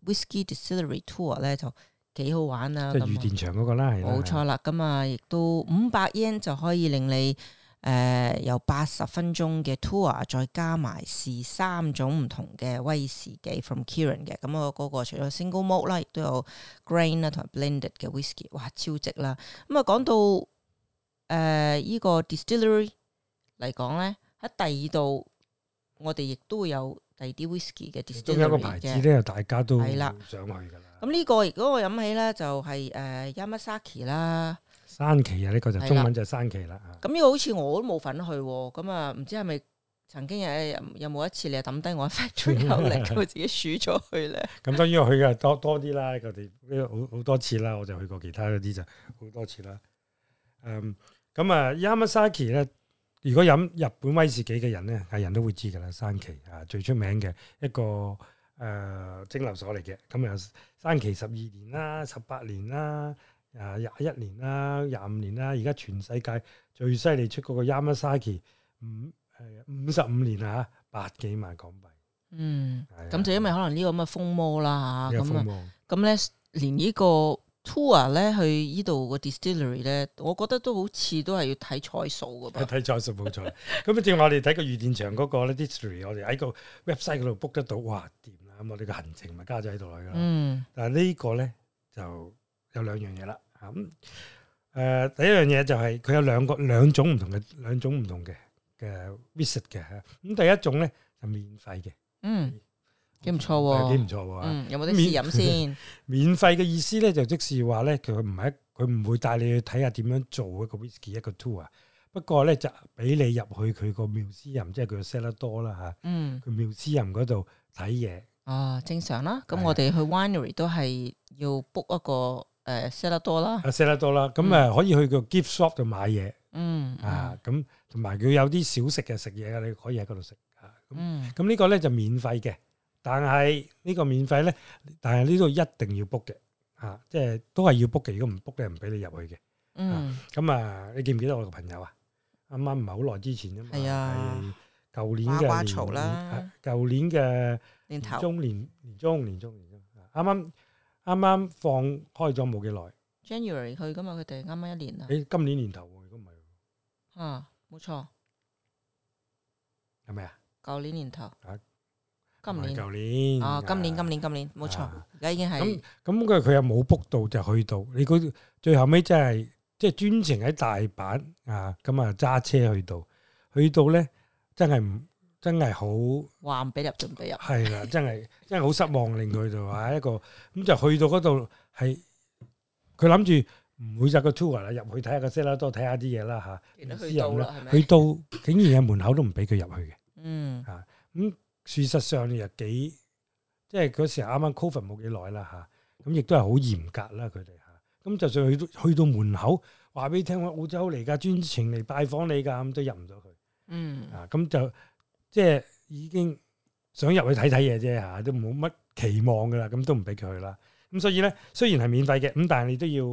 Whisky Distillery Tour 咧，就幾好玩啊！即係御殿場嗰個啦，係冇錯啦。咁啊的，都五百 y e 就可以令你。誒、呃、有八十分鐘嘅 tour 再加埋試三種唔同嘅威士忌 from Kirin 嘅。咁我、嗯那個除咗 single malt 啦亦都有 grain 啦同埋 blended 嘅 whisky 哇，超值啦。咁啊講到誒依、呃這個 distillery 嚟講咧，喺第二度我哋亦都會有第二啲 whisky 嘅 distillery，這個牌子咧大家都係啦上去噶啦咁呢個如果我飲起咧就係、是、誒、呃、Yamazaki 啦山崎啊！呢、呢個就中文就係山崎奇啦。咁呢個好似我都冇份去，咁、嗯、啊，唔知係咪曾經有有冇一次你又抌低我一 a c t o r y 咁自己鼠咗去咧？咁、嗯、當然我去嘅多多啲啦，佢哋好好多次啦，我就去過其他嗰啲就好多次啦。嗯，咁啊，Yamazaki 咧，如果飲日本威士忌嘅人咧，係人都會知噶啦，山崎啊，最出名嘅一個誒、呃、蒸餾所嚟嘅。咁、嗯、有山崎十二年啦，十八年啦。啊，廿一年啦，廿五年啦，而家全世界最犀利出嗰個 Yamazaki 五係五十五年、嗯、啊，百幾萬港幣。嗯，咁就因為可能呢個咁嘅風魔啦吓，咁啊，咁咧連呢個 tour 咧去呢度個 distillery 咧，我覺得都好似都係要睇彩數噶噃，睇彩數冇錯。咁啊、 那個，正話 我哋睇個御殿場嗰個 distillery，我哋喺個 website 嗰度 book 得到，哇，掂啦，啊，咁我哋嘅行程咪加咗喺度嚟噶。嗯，但係呢個咧就有兩樣嘢啦。咁誒，第一樣嘢就係佢有兩個兩種唔同嘅兩種唔同嘅嘅 whisky 嘅吓，咁第一種咧就免費嘅，嗯，幾唔錯喎，幾唔錯喎，嗯，有冇啲試飲先？免費嘅意思咧就即是話咧，佢唔係佢唔會帶你去睇下點樣做一個 whisky 一個 tour，不過咧就俾你入去佢個繆斯人，即係佢 sell 得多啦吓，嗯，佢繆斯人嗰度睇嘢，哦，正常啦，咁我哋去 winery 都係要 book 一個。誒 sell 得多啦 sell 得多啦，咁誒、啊、可以去個 gift shop 度買嘢，嗯嗯、啊，咁同埋佢有啲小食嘅食嘢，你可以喺嗰度食，咁、啊、呢個咧就免費嘅，但係呢個免費咧，但係呢度一定要 book 嘅，嚇、啊，即、就、係、是、都係要 book 嘅，如果唔 book 嘅唔俾你入去嘅。咁啊、嗯、啊，你記唔記得我個朋友啊？啱啱唔係好耐之前啊嘛，係舊、哎、呀去年嘅年頭，舊年嘅年頭，年中年中年中年，年，中，年，年，中，年，年，年中，啱啱。剛剛剛啱啱放開咗冇幾耐，January 去㗎嘛？佢哋啱啱一年啊！誒今年年頭喎，如果唔係，嚇，冇錯，係咪啊？舊年年頭，啊，今年舊年，啊，今年今年今年冇錯，而家已經係咁，咁佢佢又冇 book 到就去到，你估最後尾真係即係專程喺大阪啊咁啊揸車去到，去到咧真係唔～真係好，話唔俾入，就唔俾入。係 啦，真係真係好失望，令佢就話一個咁就去，啊、去，去到嗰度係，佢諗住唔會入個 tour 啊入去睇下個 set 啦，多睇下啲嘢啦吓。唔知點咧，去到竟然喺門口都唔俾佢入去嘅。 嗯，啊咁，事實上又幾，即係嗰時啱啱 covid 冇幾耐啦吓，咁亦都係好嚴格啦、啊，佢哋吓。咁就算去到去到門口，話俾你聽澳洲嚟噶，專程嚟拜訪你噶，咁都入唔到去。 啊、嗯，so, 嗯，啊咁就。即係已經想入去睇睇嘢啫吓，都冇乜期望噶啦，咁都唔俾佢去啦。咁所以咧，雖然係免費嘅，咁但係你都要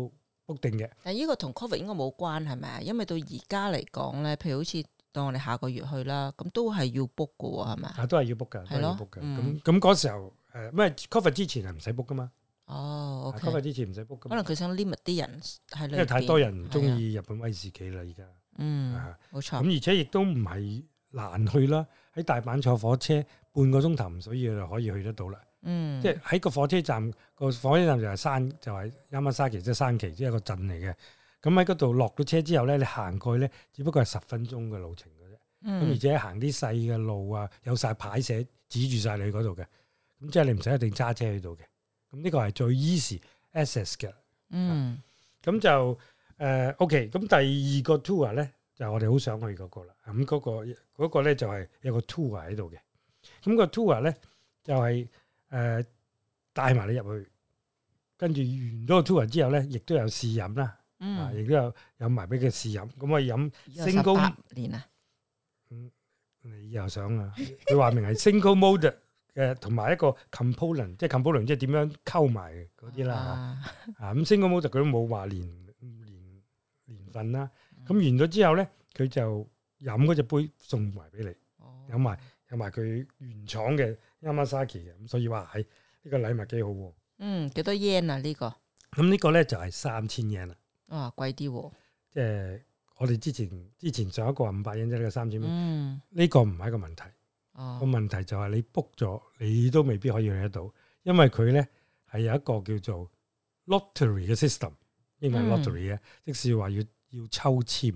book 定嘅。但呢個同 Covid 應該冇關係嘛？因為到而家嚟講咧，譬如好似當我哋下個月去啦，咁都係要 book 噶係嘛？啊，都係要 book 噶，都係要 book 噶。咁咁嗰時候誒，咩 Covid 之前係唔使 book 噶嘛？哦，Covid 之前唔使 book 噶。可能佢想 limit 啲人係因為太多人唔中意日本威士忌啦，而家的嗯，冇錯錯。咁而且亦都唔係難去啦。喺大阪坐火車半個鐘頭，唔需要就可以去得到啦。嗯，即係喺個火車站，個火車站就係山，就係 Yamazaki，即係山崎，即係一個鎮嚟嘅。咁喺嗰度落咗車之後咧，你行過去咧，只不過係十分鐘嘅路程嘅啫。嗯，咁而且行啲細嘅路啊，有晒牌寫指住晒你嗰度嘅。咁即係你唔使一定揸車去到嘅。咁呢個係最 easy access 嘅。嗯，咁、嗯嗯啊、就誒、呃、OK。咁第二個 tour 咧，就係我哋好想去嗰個啦，咁、嗯、嗰、那個嗰咧、那個、就係、是、有個 tour 喺度嘅，咁、那個 tour 咧就係、是、誒、呃、帶埋你入去，跟住完咗個 tour 之後咧，亦都有試飲啦，嗯、啊，亦都有飲埋俾佢試飲。咁我飲升高年啊，嗯，你又想啊？佢話明係 single mode 嘅，同埋一個 component，即係 component 即係點樣溝埋嗰啲啦。啊，咁 single mode 佢都冇話年年年份啦。咁完咗之後咧，佢就飲嗰隻杯送埋俾你，飲埋飲埋佢原廠嘅 Yamazaki 嘅，咁所以話喺呢個禮物幾好喎。嗯，幾多 yen 啊？呢個咁呢個咧就係三千 yen 啦。哇，貴啲喎！即係我哋之前之前上一個五百 yen 啫，呢個三千蚊。嗯，呢個唔係一個問題。哦，個問題就係你 book 咗，你都未必可以嚟得到，因為佢咧係有一個叫做 lottery 嘅 system，英文 lottery 咧，即使話要。要抽籤。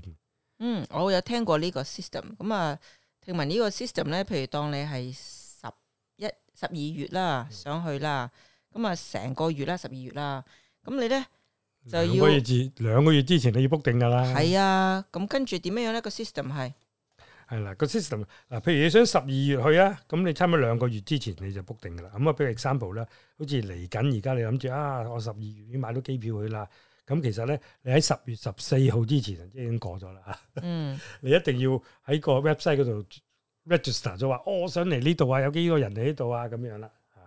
嗯，我有聽過呢個 system。咁、嗯、啊，聽聞個呢個 system 咧，譬如當你係十一、十二月啦，想、嗯、去啦，咁、嗯、啊，成個月啦，十二月啦，咁、嗯、你咧就要兩個月之兩個月之前你要 book 定噶啦。係啊，咁、嗯、跟住點樣樣咧？個 system 係、個、係啦，個 system 嗱，譬如你想十二月去啊，咁你差唔多兩個月之前你就 book 定噶啦。咁、嗯、啊，俾個 example 啦，好似嚟緊而家你諗住啊，我十二月已經買到機票去啦。咁其實咧，你喺十月十四號之前即已經過咗啦嚇。嗯， 你一定要喺個 website 嗰度 register 就話，哦，我想嚟呢度啊，有幾個人嚟呢度啊，咁樣啦嚇。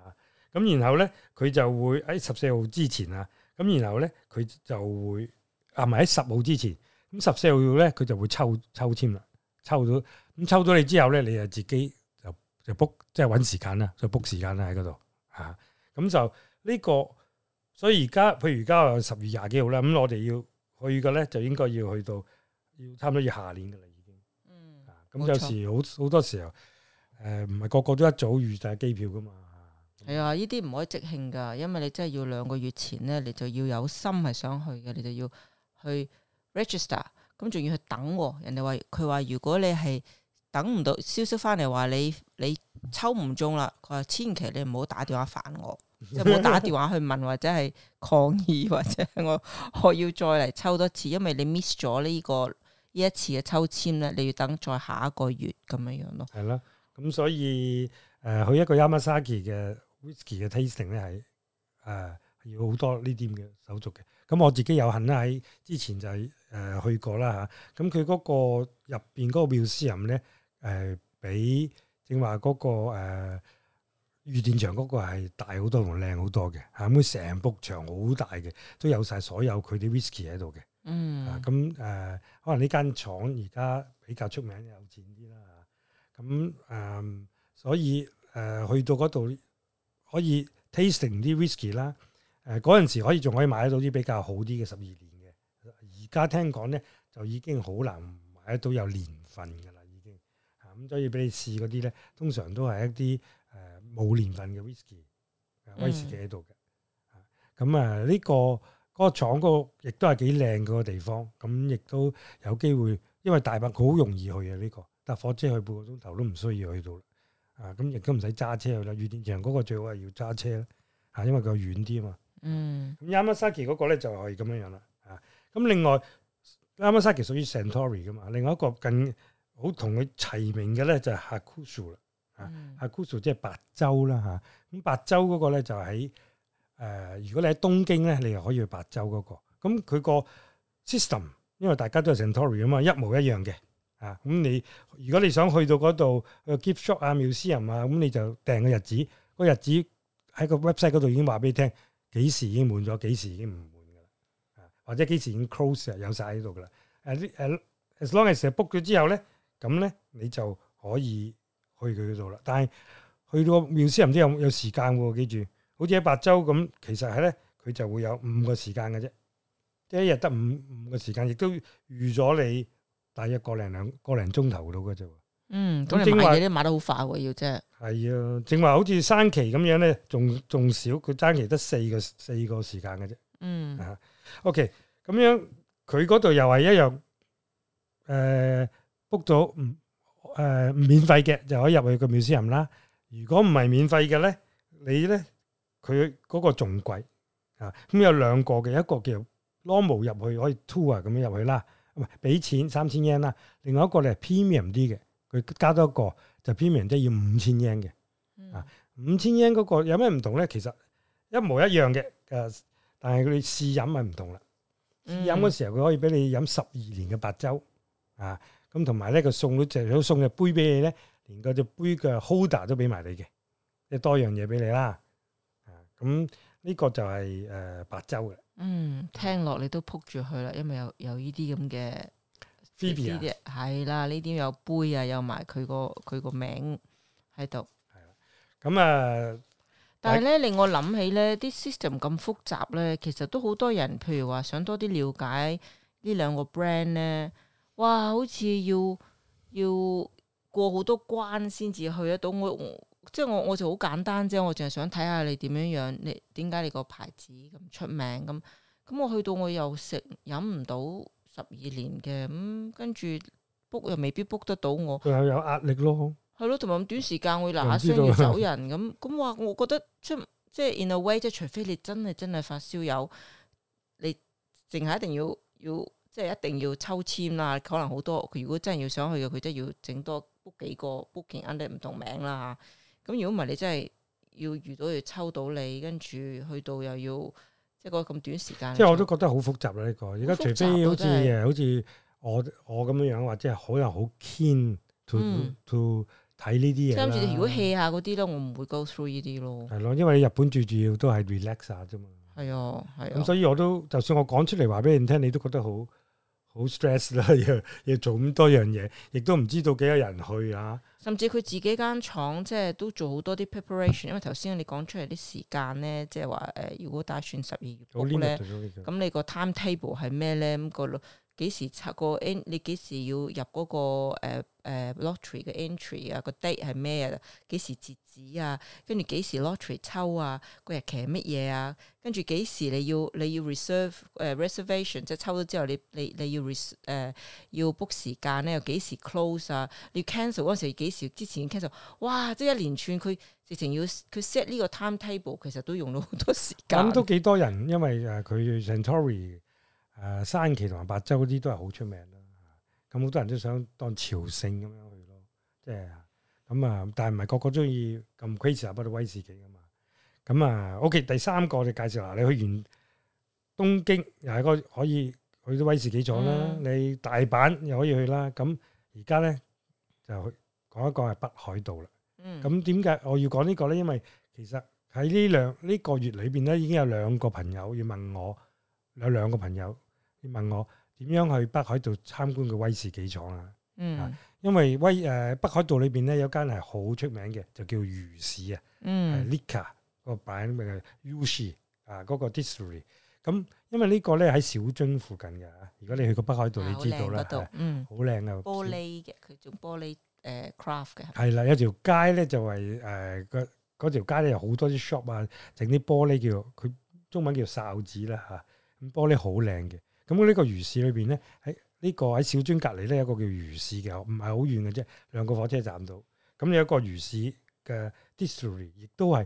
咁、啊、然後咧，佢就會喺十四號之前啊，咁然後咧佢就會啊，唔係喺十號之前。咁十四號咧，佢就、啊、就會抽抽籤啦，抽到咁抽到你之後咧，你就自己就就 book 即係揾時間啦，就 book 時間啦喺嗰度嚇。咁、啊、就呢、呢個。所以而家，譬如而家十月廿幾號啦，咁我哋要去嘅咧，就應該要去到，要差唔多要下年嘅啦，已經。嗯。咁、啊、有時冇錯好好，好多時候，誒唔係個個都一早預曬機票噶嘛。係啊、嗯，呢啲唔可以即興噶，因為你真係要兩個月前咧，你就要有心係想去嘅，你就要去 register，咁仲要去等、哦。人哋話佢話，如果你係。等唔到消息翻嚟話你，你抽唔中啦，佢話千祈你唔好打電話煩我。 即唔好打電話去問，或者係抗議，或者係我我要再嚟抽多次，因為你 miss 咗呢個呢、這個、一次嘅抽籤咧，你要等再下一個月咁樣樣咯。係咯，咁所以誒、呃、去一個 Yamazaki 嘅 Whisky 嘅 Tasting 咧係誒、呃、要好多呢啲嘅手續嘅，咁我自己有幸咧喺之前就係誒去過啦吓，咁佢嗰個入邊嗰個 museum 咧。誒、呃、比正話嗰個誒御殿場嗰個係大好多同靚好多嘅嚇，咁成幅牆好大嘅，都有晒所有佢啲 whisky 喺度嘅。嗯，咁、嗯、誒、呃、可能呢間廠而家比較出名，有錢啲啦。咁、嗯、誒所以誒、呃、去到嗰度可以 tasting 啲 whisky 啦、呃。誒陣時可以仲可以買得到啲比較好啲嘅十二年嘅。而家聽講咧就已經好難買得到有年份嘅。咁所以俾你試嗰啲咧，通常都係一啲誒冇年份嘅 whisky，威士忌喺度嘅。咁啊，呢、嗯呢個嗰、嗰個廠個亦都係幾靚個地方。咁亦都有機會，因為大白佢好容易去啊。呢、呢個搭火車去半個鐘頭都唔需要去到啦。啊，咁亦都唔使揸車去啦。御殿場嗰個最好係要揸車啦，嚇，因為佢呵對 遠啲嘛。嗯。咁山崎嗰個咧就可以咁樣樣啦。啊，咁另外山崎屬於 Suntory 噶嘛，另外一個更。好同佢齊名嘅咧就 Hakushu 啦，Hakushu 即係白州啦嚇。咁白州嗰個咧就喺誒、呃，如果你喺東京咧，你就可以去白州嗰、那個。咁佢個 system，因為大家都係 Suntory 啊嘛，一模一樣嘅嚇。咁、啊嗯、你如果你想去到嗰度，去 gift shop 啊、museum 啊，咁、嗯、你就訂個日子。嗯、個日子喺個 website 嗰度已經話俾你聽，幾時已經滿咗，幾時已經唔滿噶啦。或者幾時已經 close 啊，有晒喺度噶啦。誒誒，as long as you book 咗之後咧。咁咧，你就可以去佢嗰度啦。但係去到妙思，唔知有有時間喎。記住，好似喺白州咁，其實係咧，佢就會有五個時間嘅啫。即係一日得五五個時間，亦都預咗你大約個零兩個零鐘頭到嘅啫。嗯，咁你買嘢都買得好快喎，要啫。係啊，正話好似山崎咁樣咧，仲仲少，佢山崎得四個四個時間嘅啫。嗯。啊，OK，咁樣佢嗰度又係一樣，誒、呃。呃 book 咗唔誒免費嘅就可以入去個免試飲啦。如果唔係免費嘅咧，你咧佢嗰個仲貴啊。咁有兩個嘅，一個叫 normal 入去可以 tour 啊咁樣入去啦，唔係俾錢三千 yen 啦。另外一個咧係 premium 啲嘅，佢加多一個就是、premium 即係要五千 yen 嘅。啊，五千 yen 嗰個有咩唔同咧？其實一模一樣嘅，誒、啊，但係佢試飲係唔同啦。嗯、哼試飲嗰時候佢可以俾你飲十二年嘅白州啊。咁同埋咧，佢送咗隻，佢送隻杯俾你咧，連嗰隻杯嘅 holder 都俾埋你嘅，即係多樣嘢俾你啦。啊，咁呢個就係誒白州嘅。嗯，聽落你都撲住去啦，因為有有呢啲咁嘅，菲比啊，係啦，呢啲有杯啊，有埋佢個佢個名喺度。係啦，咁啊，但係咧令我諗起咧，啲 system 咁複雜咧，其實都好多人，譬如話想多啲了解呢兩個 brand 咧。哇！好似要要過好多關先至去得到我，即係我、就是、我就好簡單啫，我淨係想睇下你點樣樣，你點解你個牌子咁出名咁？咁我去到我又食飲唔到十二年嘅咁，跟住 book 又未必 book 得到我。佢又有壓力咯，係咯，同埋咁短時間會嗱聲、啊、要走人咁，咁話我覺得出，即係 in a way 即係除非你真係真係發燒友，你淨係一定要要。要即係一定要抽籤啦，可能好多佢如果真係要想去嘅，佢都要整多 book 幾個 booking under 唔同名啦嚇。咁如果唔係，你真係要遇到要抽到你，跟住去到又要即係個咁短時間。即係我都覺得好複雜啦，呢、呢個而家除非好似誒，好似我我咁樣樣，或者係好有好 keen to、嗯、to 睇呢啲嘢。諗住如果 hea 下嗰啲咧，我唔會 go through 呢啲咯。係咯，因為日本最主要都係 relax、er、啊，啫嘛。係啊，係啊。咁所以我都就算我講出嚟話俾你聽，你都覺得好。好 stress 啦，要要做咁多樣嘢，亦都唔知道幾多人去啊！甚至佢自己間廠即係都做好多啲 preparation，因為頭先你講出嚟啲時間咧，即係話誒，如果打算十二月 book 咧，咁你個 time table 係咩咧？咁個。幾時拆個 n 你幾時要入嗰個誒誒 lottery 嘅 entry 啊？個 date 係咩啊？幾時截止啊？跟住幾時 lottery 抽啊？個日期係乜嘢啊？跟住幾時你要你要 reserve 誒 reservation？即係抽咗之後，你你你要 res 誒要 book 時間咧？又幾時 close 啊？你 cancel 嗰陣時幾時之前 cancel？哇！即係一連串佢直情要佢 set 呢個 time table，其實都用咗好多時間。咁都幾多人？因為佢誒、啊、山崎同埋白州嗰啲都係好出名啦，咁好多人都想當朝聖咁樣去咯，即係咁啊！但係唔係個個中意咁 crazy 嗰啲威士忌啊嘛？咁、嗯、啊，OK，第三個我哋介紹啦、啊，你去完東京又係一個可以去到威士忌廠啦，嗯、你大阪又可以去啦。咁而家咧就講一個係北海道啦。咁點解我要講呢個咧？因為其實喺呢兩呢、呢個月裏邊咧，已經有兩個朋友要問我，有兩個朋友。你問我點樣去北海道參觀嘅威士忌廠、嗯、啊？嗯，因為威誒、呃、北海道裏邊咧有間係好出名嘅，就叫余市啊，嗯、呃、Lika 個版名叫 Ushi 啊，嗰、那個 District，咁因為呢個咧喺小樽附近嘅。如果你去過北海道，啊、你知道啦、呃就是呃啊，嗯，好靚嘅玻璃嘅，佢做玻璃誒 craft 嘅。係啦，有條街咧就係誒個嗰條街咧有好多啲 shop 啊，整啲玻璃叫佢中文叫硝子啦嚇，咁玻璃好靚嘅。咁呢個余市裏邊咧，喺、這、呢個喺小樽隔離咧，有個叫余市嘅，唔係好遠嘅啫，兩個火車站度。咁有一個余市嘅 distillery 亦都係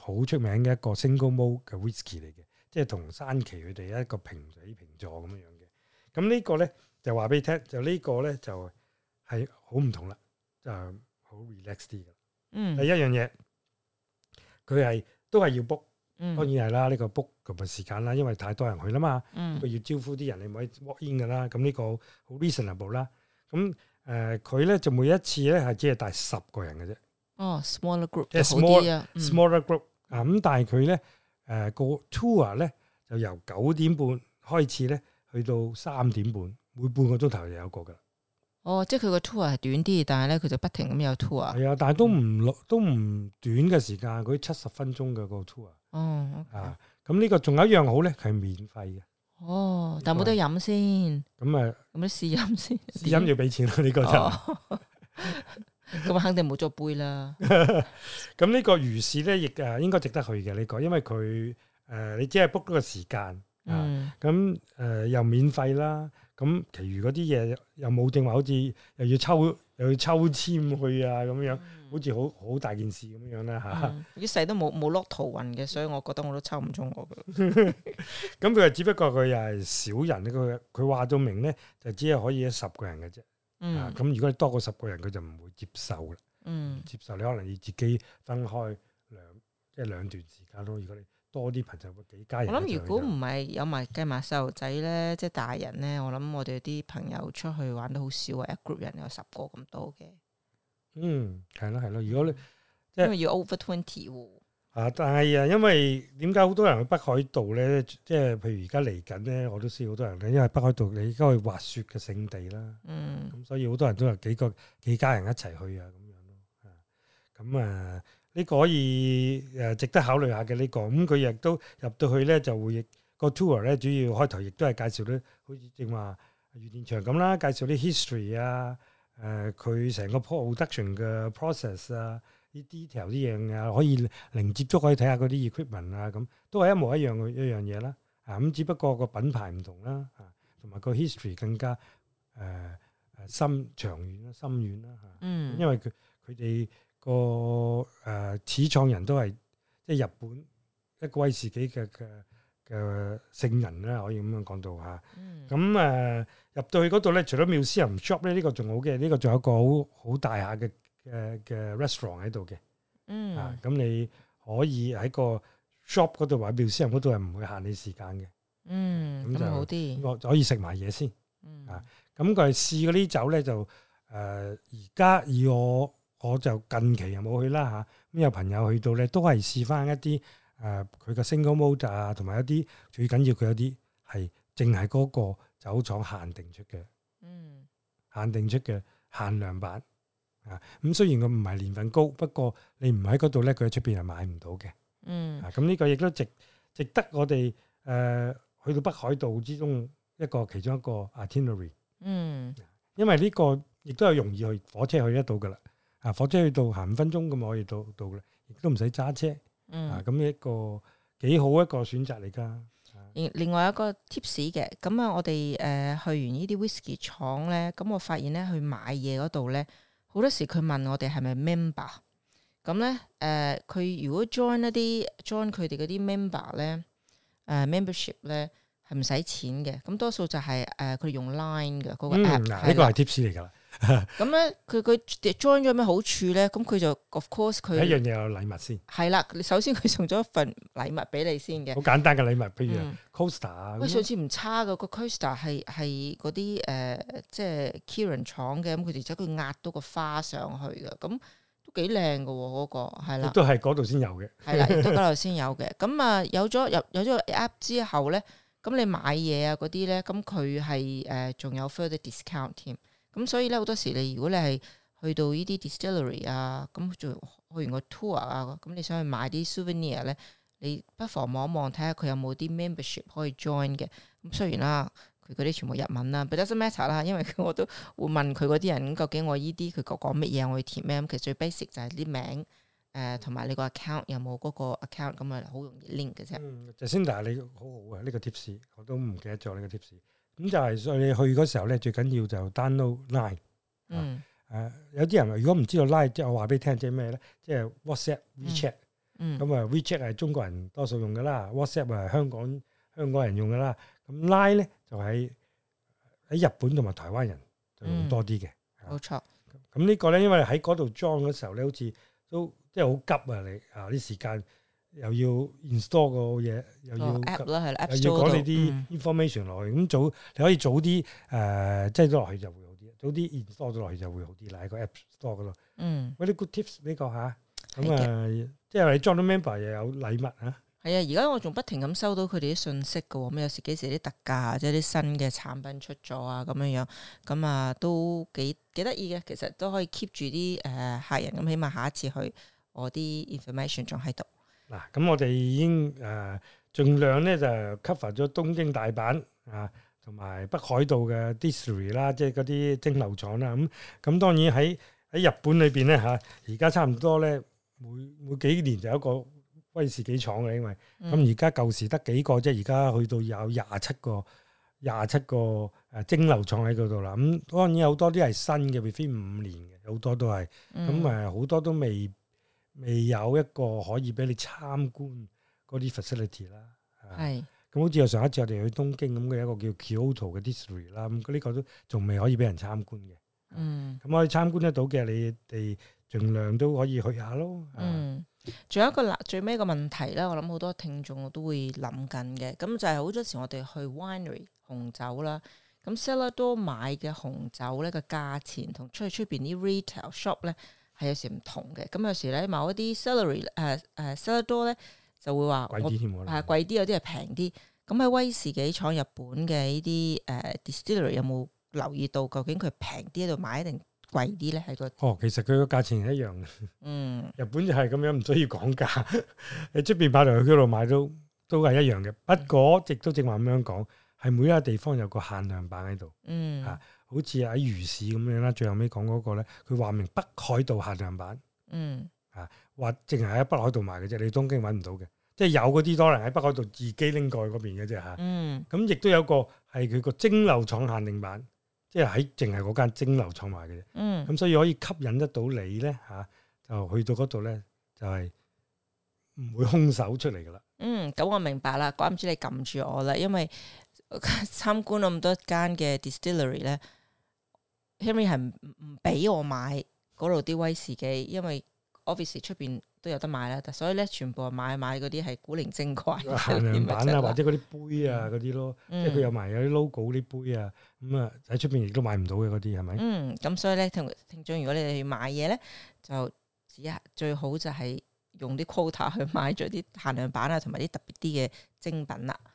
好出名嘅一個 single malt 嘅 whisky 嚟嘅，即係同山崎佢哋一個平起平坐咁樣嘅。咁、這個、呢個咧就話俾你聽，就呢個咧就係好唔同啦，就好 relax 啲嘅。嗯，第一樣嘢佢係都係要 book。當然係啦，呢、這個 book 嘅時間啦，因為太多人去啦嘛，佢、嗯、要招呼啲人嚟，唔可以 walk in 嘅啦，咁呢個好 reasonable 啦。咁、嗯、誒，佢、呃、咧就每一次咧係只係帶十個人嘅啫。哦，smaller group，好啲啊。smaller group yeah, smaller, 啊，咁、嗯、但係佢咧誒個 tour 咧就由九點半開始咧，去到三點半，每半個鐘頭就有一個噶。哦，即係佢個 tour 係短啲，但係咧佢就不停咁有 tour。係啊，但係都唔、嗯、都唔短嘅時間，佢七十分鐘嘅個 tour。哦，啊，咁呢個仲有一樣好咧，係免費嘅。哦，但冇得飲先。咁啊，有冇試飲先？試飲要俾錢啦，呢個就。咁啊，肯定冇咗杯啦。咁呢個余市咧，亦誒應該值得去嘅呢個，因為佢誒你只係 book 嗰個時間啊，咁誒又免費啦，咁其餘嗰啲嘢，又冇定話好似又要抽又要抽籤去啊咁樣。好似好好大件事咁樣啦，吓、啊！一世都冇冇碌圖運嘅，所以我覺得我都抽唔中我嘅、 嗯。咁佢又只不過佢又係少人，佢佢話咗明咧，就只係可以十個人嘅啫。嗯、咁、啊、如果你多過十個人，佢就唔會接受啦。嗯，接受你可能要自己分開兩即係兩段時間咯。如果你多啲朋友，會幾家人我諗，如果唔係有埋計埋細路仔咧，即係、就是、大人咧，我諗我哋啲朋友出去玩都好少啊。一 group 人有十個咁多嘅。嗯，係咯係咯，如果你即因為要 over twenty 喎，啊，但係啊，因為點解好多人去北海道咧？即係譬如而家嚟緊咧，我都知好多人咧，因為北海道你而家去滑雪嘅勝地啦，嗯，咁、嗯、所以好多人都有幾個幾家人一齊去啊，咁樣咯，咁啊呢、個可以誒、啊、值得考慮下嘅呢、個，咁佢亦都入到去咧就會、個 tour 咧，主要開頭亦都係介紹啲，好似正話御殿場咁啦，介紹啲 history 啊。誒佢成個 production 嘅 process 啊，啲 detail 啲嘢啊，可以零接觸，可以睇下嗰啲 equipment 啊，咁都係一模一樣嘅一樣嘢啦。啊，咁只不過個品牌唔同啦，嚇、啊，同埋個 history 更加誒、啊、深長遠啦，深遠啦嚇。啊、嗯。因為佢佢哋個誒始創人都係即係日本一個威士忌嘅嘅。嘅聖人啦，可以咁樣講到嚇。咁誒入到去嗰度咧，除咗妙思人 shop 咧，呢個仲好嘅，呢個仲有一個好好大下嘅嘅嘅 restaurant 喺度嘅。嗯。啊，咁你可以喺個 shop 嗰度或者妙思人嗰度係唔會限你時間嘅。嗯。咁就好啲。我可以食埋嘢先。嗯。啊，咁佢試嗰啲酒咧就誒，而家以我我就近期又冇去啦吓，咁有朋友去到咧都係試翻一啲。誒，佢嘅、啊、single mode 啊，同埋一啲最緊要佢有啲係淨係嗰個酒廠限定出嘅，嗯，限定出嘅限量版啊。咁雖然佢唔係年份高，不過你唔喺嗰度咧，佢喺出邊係買唔到嘅，嗯。啊，咁呢個亦都值值得我哋誒、呃、去到北海道之中一個其中一個 itinerary，嗯，因為呢個亦都係容易去火車去得到噶啦，啊，火車去到行五分鐘咁可以到到啦，亦都唔使揸車。嗯，啊，咁一個幾好一個選擇嚟噶。另外一個 tips 嘅，咁啊，我哋誒去完呢啲 whisky 廠咧，咁我發現咧去買嘢嗰度咧，好多時佢問我哋係咪 member，咁咧誒，佢、呃、如果 jo 一 join 一啲 join 佢哋嗰啲 member 咧、啊，誒 membership 咧係唔使錢嘅，咁多數就係誒佢用 line 嘅嗰、嗰個 app，呢、嗯啊、的個係 tips 嚟噶。咁 咧、嗯，佢佢 join 咗咩好處咧？咁、嗯、佢就 of course 佢一樣嘢有禮物先。係啦，首先佢送咗一份禮物俾你先嘅。好簡單嘅禮物，譬如 coaster 喂，嗯、上次唔差噶個 coaster 係係嗰啲誒，即係 Kiran 廠嘅，咁佢哋就佢壓到個花上去嘅，咁都幾靚噶嗰個係啦。都係嗰度先有嘅，係啦， 都嗰度先有嘅。咁啊，有咗入有咗個 app 之後咧，咁你買嘢啊嗰啲咧，咁佢係誒仲有 further discount 添。咁、嗯、所以咧好多時你如果你係去到呢啲 distillery 啊，咁、嗯、做去完個 tour 啊，咁、嗯、你想去買啲 souvenir 咧，你不妨望一望睇下佢有冇啲 membership 可以 join 嘅。咁、嗯、雖然啦、啊，佢嗰啲全部日文啦、啊，but matter 啦，因為我都會問佢嗰啲人究竟我依啲佢講講乜嘢，我要填咩、嗯？其實最 basic 就係啲名誒同埋你個 account 有有個 account 有冇嗰個 account，咁咪好容易 link 嘅啫。嗯，Jacinda 你好好啊，呢、這個貼士，我都唔記得咗呢個貼士。咁就係、所以、你去嗰時候咧，最緊要就 download line。嗯。誒、啊，有啲人如果唔知道 line，即係我話俾你聽，即係咩咧？即係 WhatsApp V、嗯、WeChat。咁啊，WeChat 係中國人多數用嘅啦、嗯、WhatsApp 啊，香港香港人用嘅啦。咁 line 咧就喺、是、喺日本同埋台灣人就用多啲嘅。冇、嗯、錯。咁、啊、呢個咧，因為喺嗰度裝嗰時候咧，好似都即係好急啊！你啊啲時間。又要 install 個嘢，又要、哦、app 啦，係啦，app store 度要講你啲 information 落去、嗯。咁、嗯、早你可以早啲誒，即係咗落去就會好啲，早啲 install 咗落去就會好啲，喺個 app store 嘅咯。嗯，嗰啲 good tips 呢、這個吓。咁啊，的啊，即係你 join 咗 member 又有禮物啊？係啊，而家我仲不停咁收到佢哋啲信息嘅喎，咁、嗯、有時幾時啲特價即係啲新嘅產品出咗啊，咁樣樣，咁、嗯、啊都幾幾得意嘅。其實都可以 keep 住啲誒客人，咁起碼下一次去我啲 information 仲喺度。嗱，咁、啊、我哋已經誒、呃、盡量咧就 cover 咗東京、大阪啊，同埋北海道嘅 distillery 啦、啊，即係嗰啲蒸餾廠啦。咁、啊、咁當然喺喺日本裏邊咧嚇，而、啊、家差唔多咧，每每幾年就有一個威士忌廠嘅，因為咁而家舊時得幾個啫，而家去到有廿七個廿七個誒蒸餾廠喺嗰度啦。咁、啊、當然好多啲係新嘅，未必五年嘅，好多都係咁誒，好多,、嗯啊、多都未。未有一個可以俾你參觀嗰啲 facility 啦是，係咁好似我上一次我哋去東京咁嘅一個叫 Kyoto 嘅 d i s t r i、啊、c t 啦，咁、這、呢個都仲未可以俾人參觀嘅。嗯，咁、啊、可以參觀得到嘅，你哋儘量都可以去下咯。嗯，仲有一個最尾一個問題啦，我諗好多聽眾我都會諗緊嘅，咁就係好多時我哋去 winery 紅酒啦，咁 cellar door 買嘅紅酒咧個價錢，同出去出邊啲 retail shop 咧。係有時唔同嘅，咁有時咧某一啲 seller 誒誒 sell 得多咧，啊啊，就會話貴啲添可能，係貴啲，有啲係平啲。咁喺威士忌廠日本嘅呢啲誒、呃、distillery 有冇留意到，究竟佢平啲喺度買定貴啲咧？係度？哦，其實佢個價錢係一樣嘅。嗯，日本就係咁樣，唔需要講價。你出邊擺台去嗰度買都都係一樣嘅。不過亦都正話咁樣講，係每一個地方有個限量版喺度。嗯。嗯好似喺漁市咁樣啦，最後尾講嗰、那個咧，佢話明北海道限量版，嗯啊，話淨係喺北海道買嘅啫，你東京揾唔到嘅，即係有嗰啲多能喺北海道自己拎過去嗰邊嘅啫嚇，嗯，咁亦都有個係佢個蒸餾廠限定版，即係喺淨係嗰間蒸餾廠買嘅啫，嗯，咁、啊、所以可以吸引得到你咧嚇、啊，就去到嗰度咧就係、是、唔會空手出嚟噶啦，嗯，咁我明白啦，怪唔知你撳住我啦，因為。參觀咁多間嘅 distillery 咧，Henry 係唔唔俾我買嗰度啲威士忌，因為 office 出邊都有得買啦，但所以咧全部買買嗰啲係古靈精怪限量版啊，或者嗰啲杯啊嗰啲咯，嗯、即係佢有埋有啲 logo 啲杯啊，咁啊喺出邊亦都買唔到嘅嗰啲係咪？嗯，咁、嗯、所以咧，聽聽眾，如果你哋去買嘢咧，就只最好就係用啲 quota 去買咗啲限量版啊，同埋啲特別啲嘅精品啦、啊。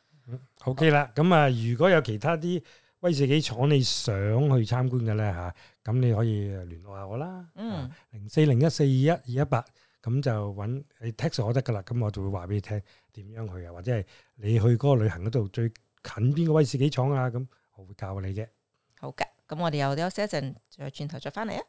OK 啦，咁啊，如果有其他啲威士忌廠你想去參觀嘅咧吓，咁你可以聯絡下我啦，嗯，零四零一四二一二一八，咁就揾係 text 我得噶啦，咁我就會話俾你聽點樣去啊，或者係你去嗰個旅行嗰度最近邊個威士忌廠啊，咁我會教你嘅。好嘅，咁我哋又休息一陣，再轉頭再翻嚟啊。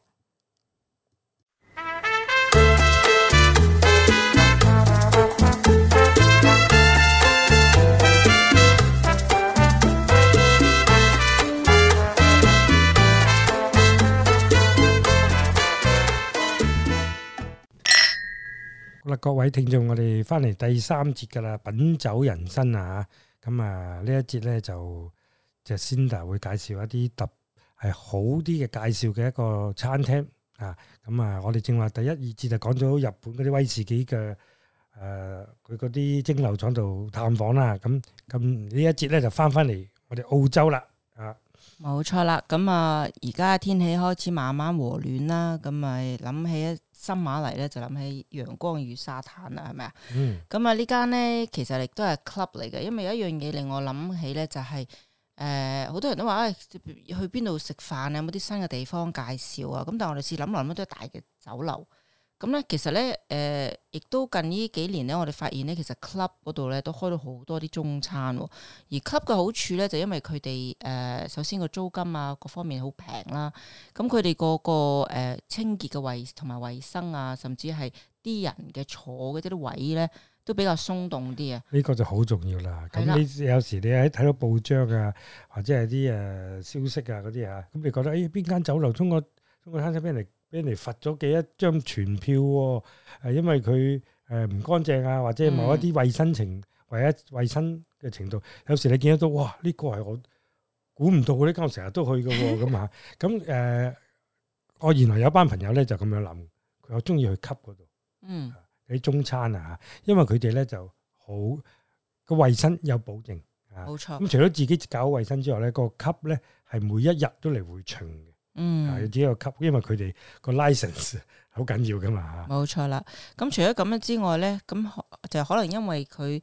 嗱，各位聽眾，我哋翻嚟第三節噶啦，品酒人生啊，咁啊呢一節咧就就 Jacinda 會介紹一啲特係好啲嘅介紹嘅一個餐廳啊，咁啊我哋正話第一二節就講咗日本嗰啲威士忌嘅誒，佢嗰啲蒸餾廠度探訪啦，咁咁呢一節咧就翻翻嚟我哋澳洲啦，啊，冇錯啦，咁啊而家、啊啊啊、天氣開始慢慢和暖啦，咁咪諗起一。新馬嚟咧就諗起陽光與沙灘啦，係咪啊？咁啊呢間咧其實亦都係 club 嚟嘅，因為有一樣嘢令我諗起咧、就係，就係誒好多人都話誒、哎、去邊度食飯啊，有冇啲新嘅地方介紹啊？咁但係我哋試諗嚟諗去都係大嘅酒樓。咁咧、嗯，其實咧，誒、呃，亦都近呢幾年咧，我哋發現咧，其實 club 嗰度咧都開到好多啲中餐喎。而 club 嘅好處咧，就因為佢哋誒，首先個租金啊，各方面好平啦。咁佢哋個個誒、呃、清潔嘅衞同埋衞生啊，甚至係啲人嘅坐嗰啲位咧，都比較鬆動啲啊。呢個就好重要啦。咁的你有時你喺睇到報章啊，或者係啲誒消息啊嗰啲啊，咁你覺得誒邊、哎、間酒樓通過通過攤手俾人嚟？俾人哋罰咗幾一張全票喎、哦，因為佢誒唔乾淨啊，或者某一啲衞生程，嗯、或者衞生嘅程度，有時你見得到哇！呢、這個係我估唔到嘅，呢、這、間、個、我成日都去嘅咁啊，咁誒，我、嗯、原來有班朋友咧就咁樣諗，佢我中意去吸嗰度，嗯，喺中餐啊嚇，因為佢哋咧就好個衞生有保證，冇錯。咁除咗自己搞好衞生之外咧，那個吸咧係每一日都嚟回巡。嗯，係只有級，因為佢哋個 license 好緊要噶嘛吓。冇錯啦。咁除咗咁樣之外咧，咁就可能因為佢誒、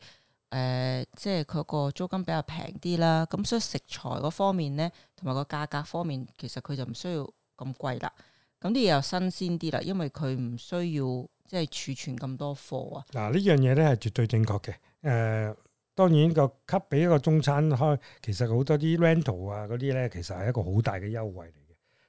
呃，即係佢個租金比較平啲啦。咁所以食材嗰方面咧，同埋個價格方面，其實佢就唔需要咁貴啦。咁啲嘢又新鮮啲啦，因為佢唔需要即係儲存咁多貨啊。嗱，呢樣嘢咧係絕對正確嘅。誒、呃，當然個級俾一個中餐開，其實好多啲 rental 啊嗰啲咧，其實係一個好大嘅優惠嚟。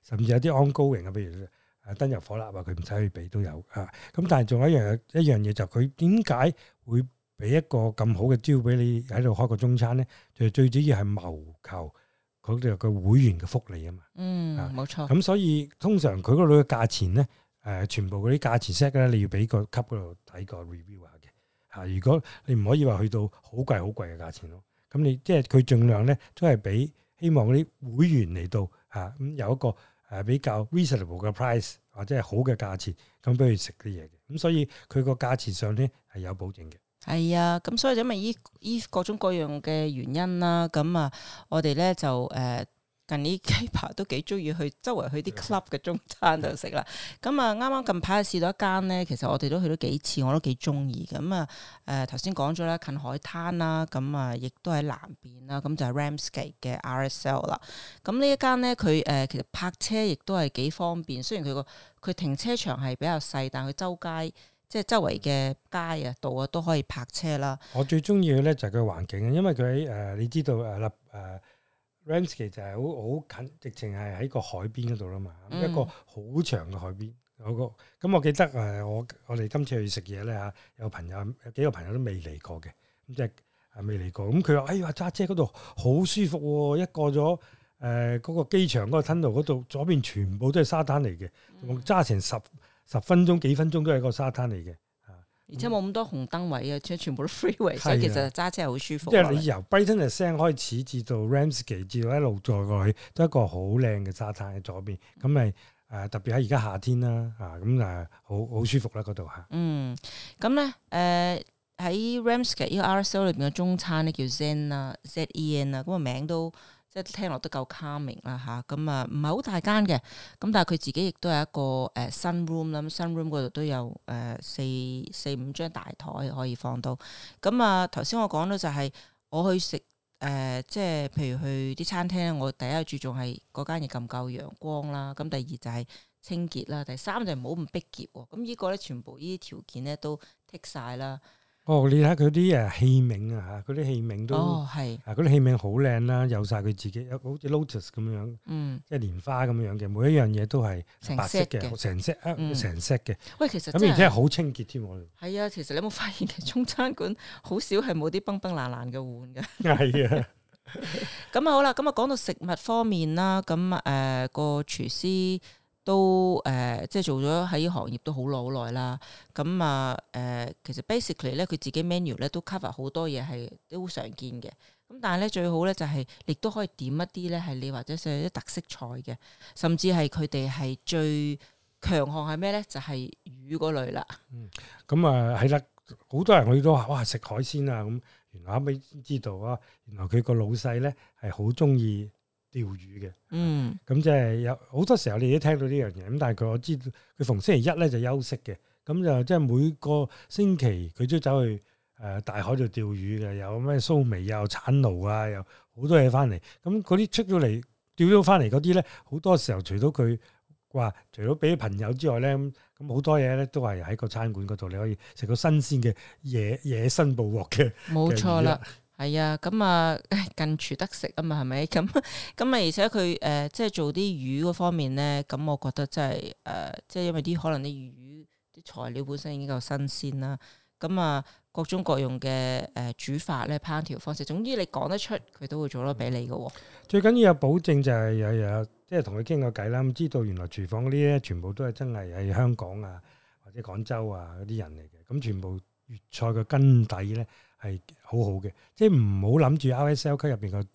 甚至有啲 ongoing 嘅，譬如啊燈油火蠟啊，佢唔使去俾都有嚇。咁但係仲有一樣一樣嘢，就佢點解會俾一個咁好嘅招俾你喺度開個中餐咧？就係、最主要係謀求佢度個會員嘅福利啊嘛。嗯，冇、啊、錯。咁、啊、所以通常佢嗰度嘅價錢咧，誒、啊、全部嗰啲價錢 set 咧，你要俾個級嗰度睇個 review 下嘅嚇。如果你唔可以話去到好貴好貴嘅價錢咯，咁你即係佢盡量咧都係俾希望嗰啲會員嚟到。啊，咁、嗯、有一個誒、呃、比較 reasonable 嘅 price 或者係好嘅價錢，咁俾佢食啲嘢嘅，咁、嗯、所以佢個價錢上咧係有保證嘅。係啊，咁所以就因為依依各種各樣嘅原因啦，咁啊，我哋咧就誒。呃近呢幾排都幾中意去周圍去啲 club 嘅中餐度食啦。咁啊，啱啱近排試到一間咧，其實我哋都去咗幾次，我都幾中意嘅。咁、嗯、啊，誒頭先講咗啦，近海灘啦，咁、嗯、啊，亦都喺南邊啦，咁、嗯、就係、是、Ramsgate 嘅 RSL 啦、嗯。咁呢一間咧，佢誒、呃、其實泊車亦都係幾方便，雖然佢個佢停車場係比較細，但佢周街即係周圍嘅街啊、度啊都可以泊車啦。我最中意嘅咧就係佢個環境啊，因為佢喺誒你知道誒立誒。呃呃呃呃 Ramsgate 就係好好近，直情係喺個海邊嗰度啦嘛，一個好長嘅海邊，嗰咁我記得誒，我我哋今次去食嘢咧嚇，有朋友幾個朋友都未嚟過嘅，咁即係未嚟過，咁佢話：哎呀，揸車嗰度好舒服喎、啊，一過咗誒嗰個機場嗰個通道嗰度左邊全部都係沙灘嚟嘅，我揸成十十分鐘幾分鐘都係個沙灘嚟嘅。而且冇咁多紅燈位啊，即係全部都 free 位，所以其實揸車係好舒服。即係你由 Brighton Le Sands 開始，至到 Ramsgate 至到一路再過去，嗯、都一個好靚嘅沙灘喺左邊。咁咪誒特別喺而家夏天啦嚇，咁誒好好舒服啦嗰度嚇。嗯，咁咧誒喺 Ramsgate 呢個 RSL 裏邊嘅中餐咧叫 Zen 啊，Z E N 啊，咁個、啊、名都。即係聽落都夠 calming 啦嚇，咁啊唔係好大間嘅，咁、嗯、但係佢自己亦都係一個誒、呃、sun room 啦 sun room 嗰度都有誒四四五張大台可以放到，咁、嗯、啊頭先我講到就係我去食誒、呃，即係譬如去啲餐廳我第一注重係嗰間嘢夠陽光啦，咁、啊、第二就係清潔啦、啊，第三就係唔好咁逼結喎，咁、啊嗯這個、呢個咧全部呢啲條件咧都剔晒啦。哦，你睇佢啲誒器皿啊吓，啲器皿都，哦、啊，嗰啲器皿好靚啦，有晒佢自己，好似 lotus 咁樣，即係蓮花咁樣嘅，每一樣嘢都係白色嘅，成色成色嘅。嗯、喂，其實咁、就是啊、而家好清潔添喎。係、嗯、啊，其實你有冇發現，其實中餐館好少係冇啲崩崩爛爛嘅碗㗎。係啊，咁啊 好啦，咁啊講到食物方面啦，咁誒個廚師。都誒、呃，即係做咗喺行業都好耐好耐啦。咁啊誒，其實 basically 咧，佢自己 menu 咧都 cover 好多嘢係都好常見嘅。咁但係咧最好咧就係、是，亦都可以點一啲咧係你或者食啲特色菜嘅，甚至係佢哋係最強項係咩咧？就係、是、魚嗰類啦、嗯。嗯，咁啊係啦，好多人去都話哇食海鮮啊咁，原來後尾知道啊，原來佢個老細咧係好中意釣魚嘅，嗯，咁即係有好多時候你都聽到呢樣嘢，咁但係佢我知道佢逢星期一咧就休息嘅，咁就即係每個星期佢都走去誒、呃、大海度釣魚嘅，有咩蘇眉啊、產鱲啊，有好多嘢翻嚟，咁嗰啲出咗嚟釣咗翻嚟嗰啲咧，好多時候除咗佢話，除咗俾朋友之外咧，咁好多嘢咧都係喺個餐館嗰度你可以食到新鮮嘅野野生捕獲嘅，冇錯啦。 係啊，咁啊近廚得食啊嘛，係咪？咁咁啊，而且佢誒、呃、即係做啲魚嗰方面咧，咁我覺得真係誒、呃，即係因為啲可能啲魚啲材料本身已經夠新鮮啦，咁啊各種各樣嘅誒煮法咧、烹調方式，總之你講得出佢都會做得俾你嘅、嗯。最緊要有保證就係、是、有有，即係同佢傾過偈啦，知道原來廚房嗰啲咧全部都係真係喺香港啊或者廣州啊嗰啲人嚟嘅，咁全部。粵菜嘅根底咧係好好嘅，即係唔好諗住 RSL 區入邊個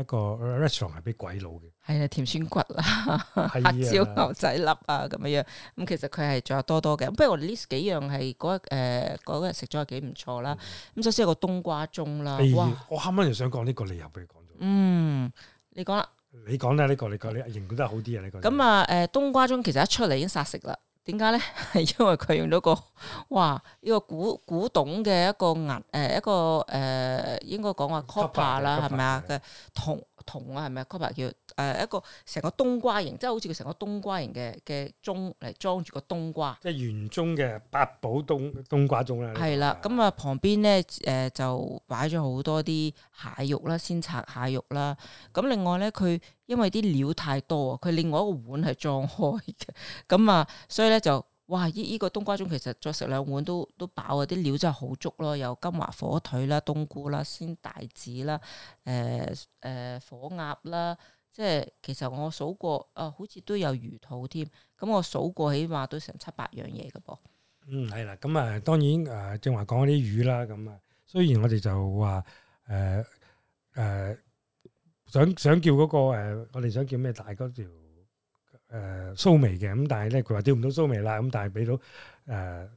一個 restaurant 係俾鬼佬嘅，係啊，甜酸骨啦，黑椒牛仔粒啊咁樣樣，咁其實佢係仲有多多嘅。咁不如我哋 list 幾樣係嗰日食咗係幾唔錯啦。咁、嗯、首先有個冬瓜盅啦，的哇我啱啱就想講呢個理由俾你講咗，嗯，你講啦，你講啦呢個，你講你認都係好啲啊，呢、這個咁啊誒冬瓜盅其實一出嚟已經殺食啦。點解咧？係 因為佢用咗個，哇！依個古古董嘅一個銀誒、呃、一個誒、呃，應該講話 copper 啦，係咪啊？嘅的銅銅啊，係咪 copper 叫？誒、呃、一個成個冬瓜型，即係好似佢成個冬瓜型嘅嘅盅嚟裝住個冬瓜，即係原盅嘅八寶冬冬瓜盅啦。係啦，咁啊旁邊咧誒就擺咗好多啲蟹肉啦，鮮拆蟹肉啦。咁另外咧，佢因為啲料太多佢另外一個碗係裝開嘅，咁啊，所以咧就哇依依、這個冬瓜盅其實再食兩碗都都飽啊！啲料真係好足咯，有金華火腿啦、冬菇鮮、呃呃、啦、鮮帶子啦、誒誒火鴨啦。即係其實我數過，誒、啊，好似都有魚肚添。咁我數過起碼都成七八樣嘢㗎噃。嗯，係啦。咁啊，當然誒,正話講嗰啲魚啦。咁啊，雖然我哋就話誒誒，想想叫嗰、那個誒、呃，我哋想叫咩大嗰條誒蘇眉嘅。咁、呃、但係咧，佢話釣唔到蘇眉啦。咁但係俾到誒、呃、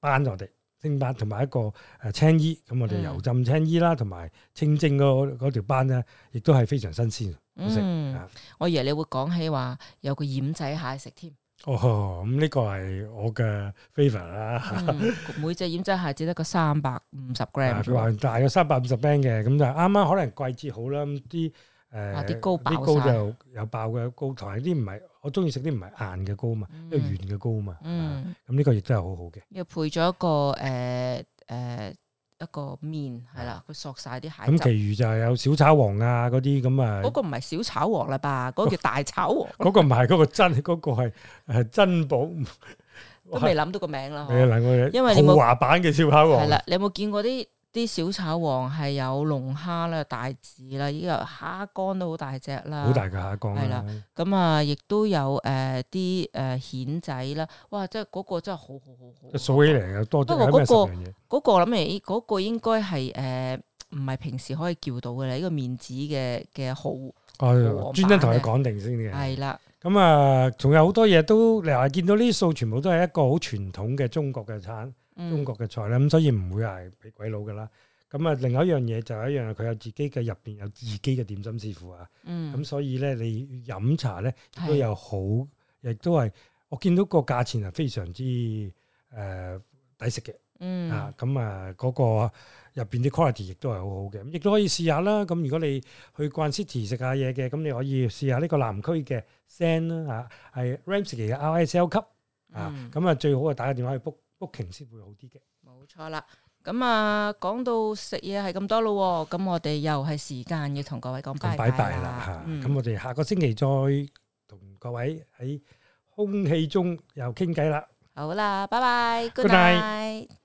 斑我哋，清斑同埋一個誒青衣，咁我哋油浸青衣啦，同埋、嗯、清蒸嗰條斑咧，亦都係非常新鮮，好食、嗯、是我以為你會講起話有個奄仔蟹食添。哦，咁呢個係我嘅 favour 啦。嗯、 每隻奄仔蟹只得個三百五十 gram。嗯、大約三百五十 band 嘅，咁就啱啱可能季節好啦，啲誒啲高啲高就有爆嘅，高糖啲唔係。我中意食啲唔係硬嘅糕嘛，即係軟嘅糕嘛。咁呢個亦都係好好嘅。又配咗一個誒誒、呃呃、一個麵係啦，佢索晒啲蟹。咁、嗯，其餘就係有小炒王啊嗰啲咁啊。嗰個唔係小炒王啦吧？嗰、嗰個叫大炒王。嗰、 哦嗰個唔係嗰個真，嗰、嗰個係珍寶。都未諗到個名啦。係啊，嗱我因為你冇話版嘅小炒王。係啦，你有冇見過啲？啲小炒王係有龍蝦啦、帶子啦，呢個蝦乾都好大隻啦，好大嘅蝦乾啦。咁啊，亦都有誒啲誒蜆仔啦，哇！即係嗰個真係好好好好。數起嚟啊，多啲。不過嗰個嗰個諗起，嗰多個應該係唔係平時可以叫到嘅咧？呢個面子嘅嘅好。哦，哎、呦專登同你講定先嘅。係啦的。咁啊的，仲有好多嘢都，你嗱，見到呢啲數全部都係一個好傳統嘅中國嘅產。嗯、中國嘅菜咧，咁所以唔會係俾鬼佬噶啦。咁、嗯、啊，另外一樣嘢就係一樣，佢有自己嘅入邊有自己嘅點心師傅啊。嗯。咁、嗯、所以咧，你飲茶咧亦都有好，亦是都係我見到個價錢係非常之誒、呃、抵食嘅、嗯啊。嗯。啊、那個，咁啊，嗰個入邊啲 quality 亦都係好好嘅，咁亦都可以試下啦。咁如果你去 Guan City 食下嘢嘅，咁你可以試下呢個南區嘅 Zen 啦，啊，係 Ramsgate 嘅 RSL 級啊。咁、嗯、啊，最好啊，打個電話去 book。屋企先會好啲嘅，冇錯啦。咁啊，講到食嘢係咁多咯，咁我哋又係時間要同各位講拜拜啦。咁我哋下個星期再同各位喺空氣中又傾偈啦。好啦，拜拜，good night。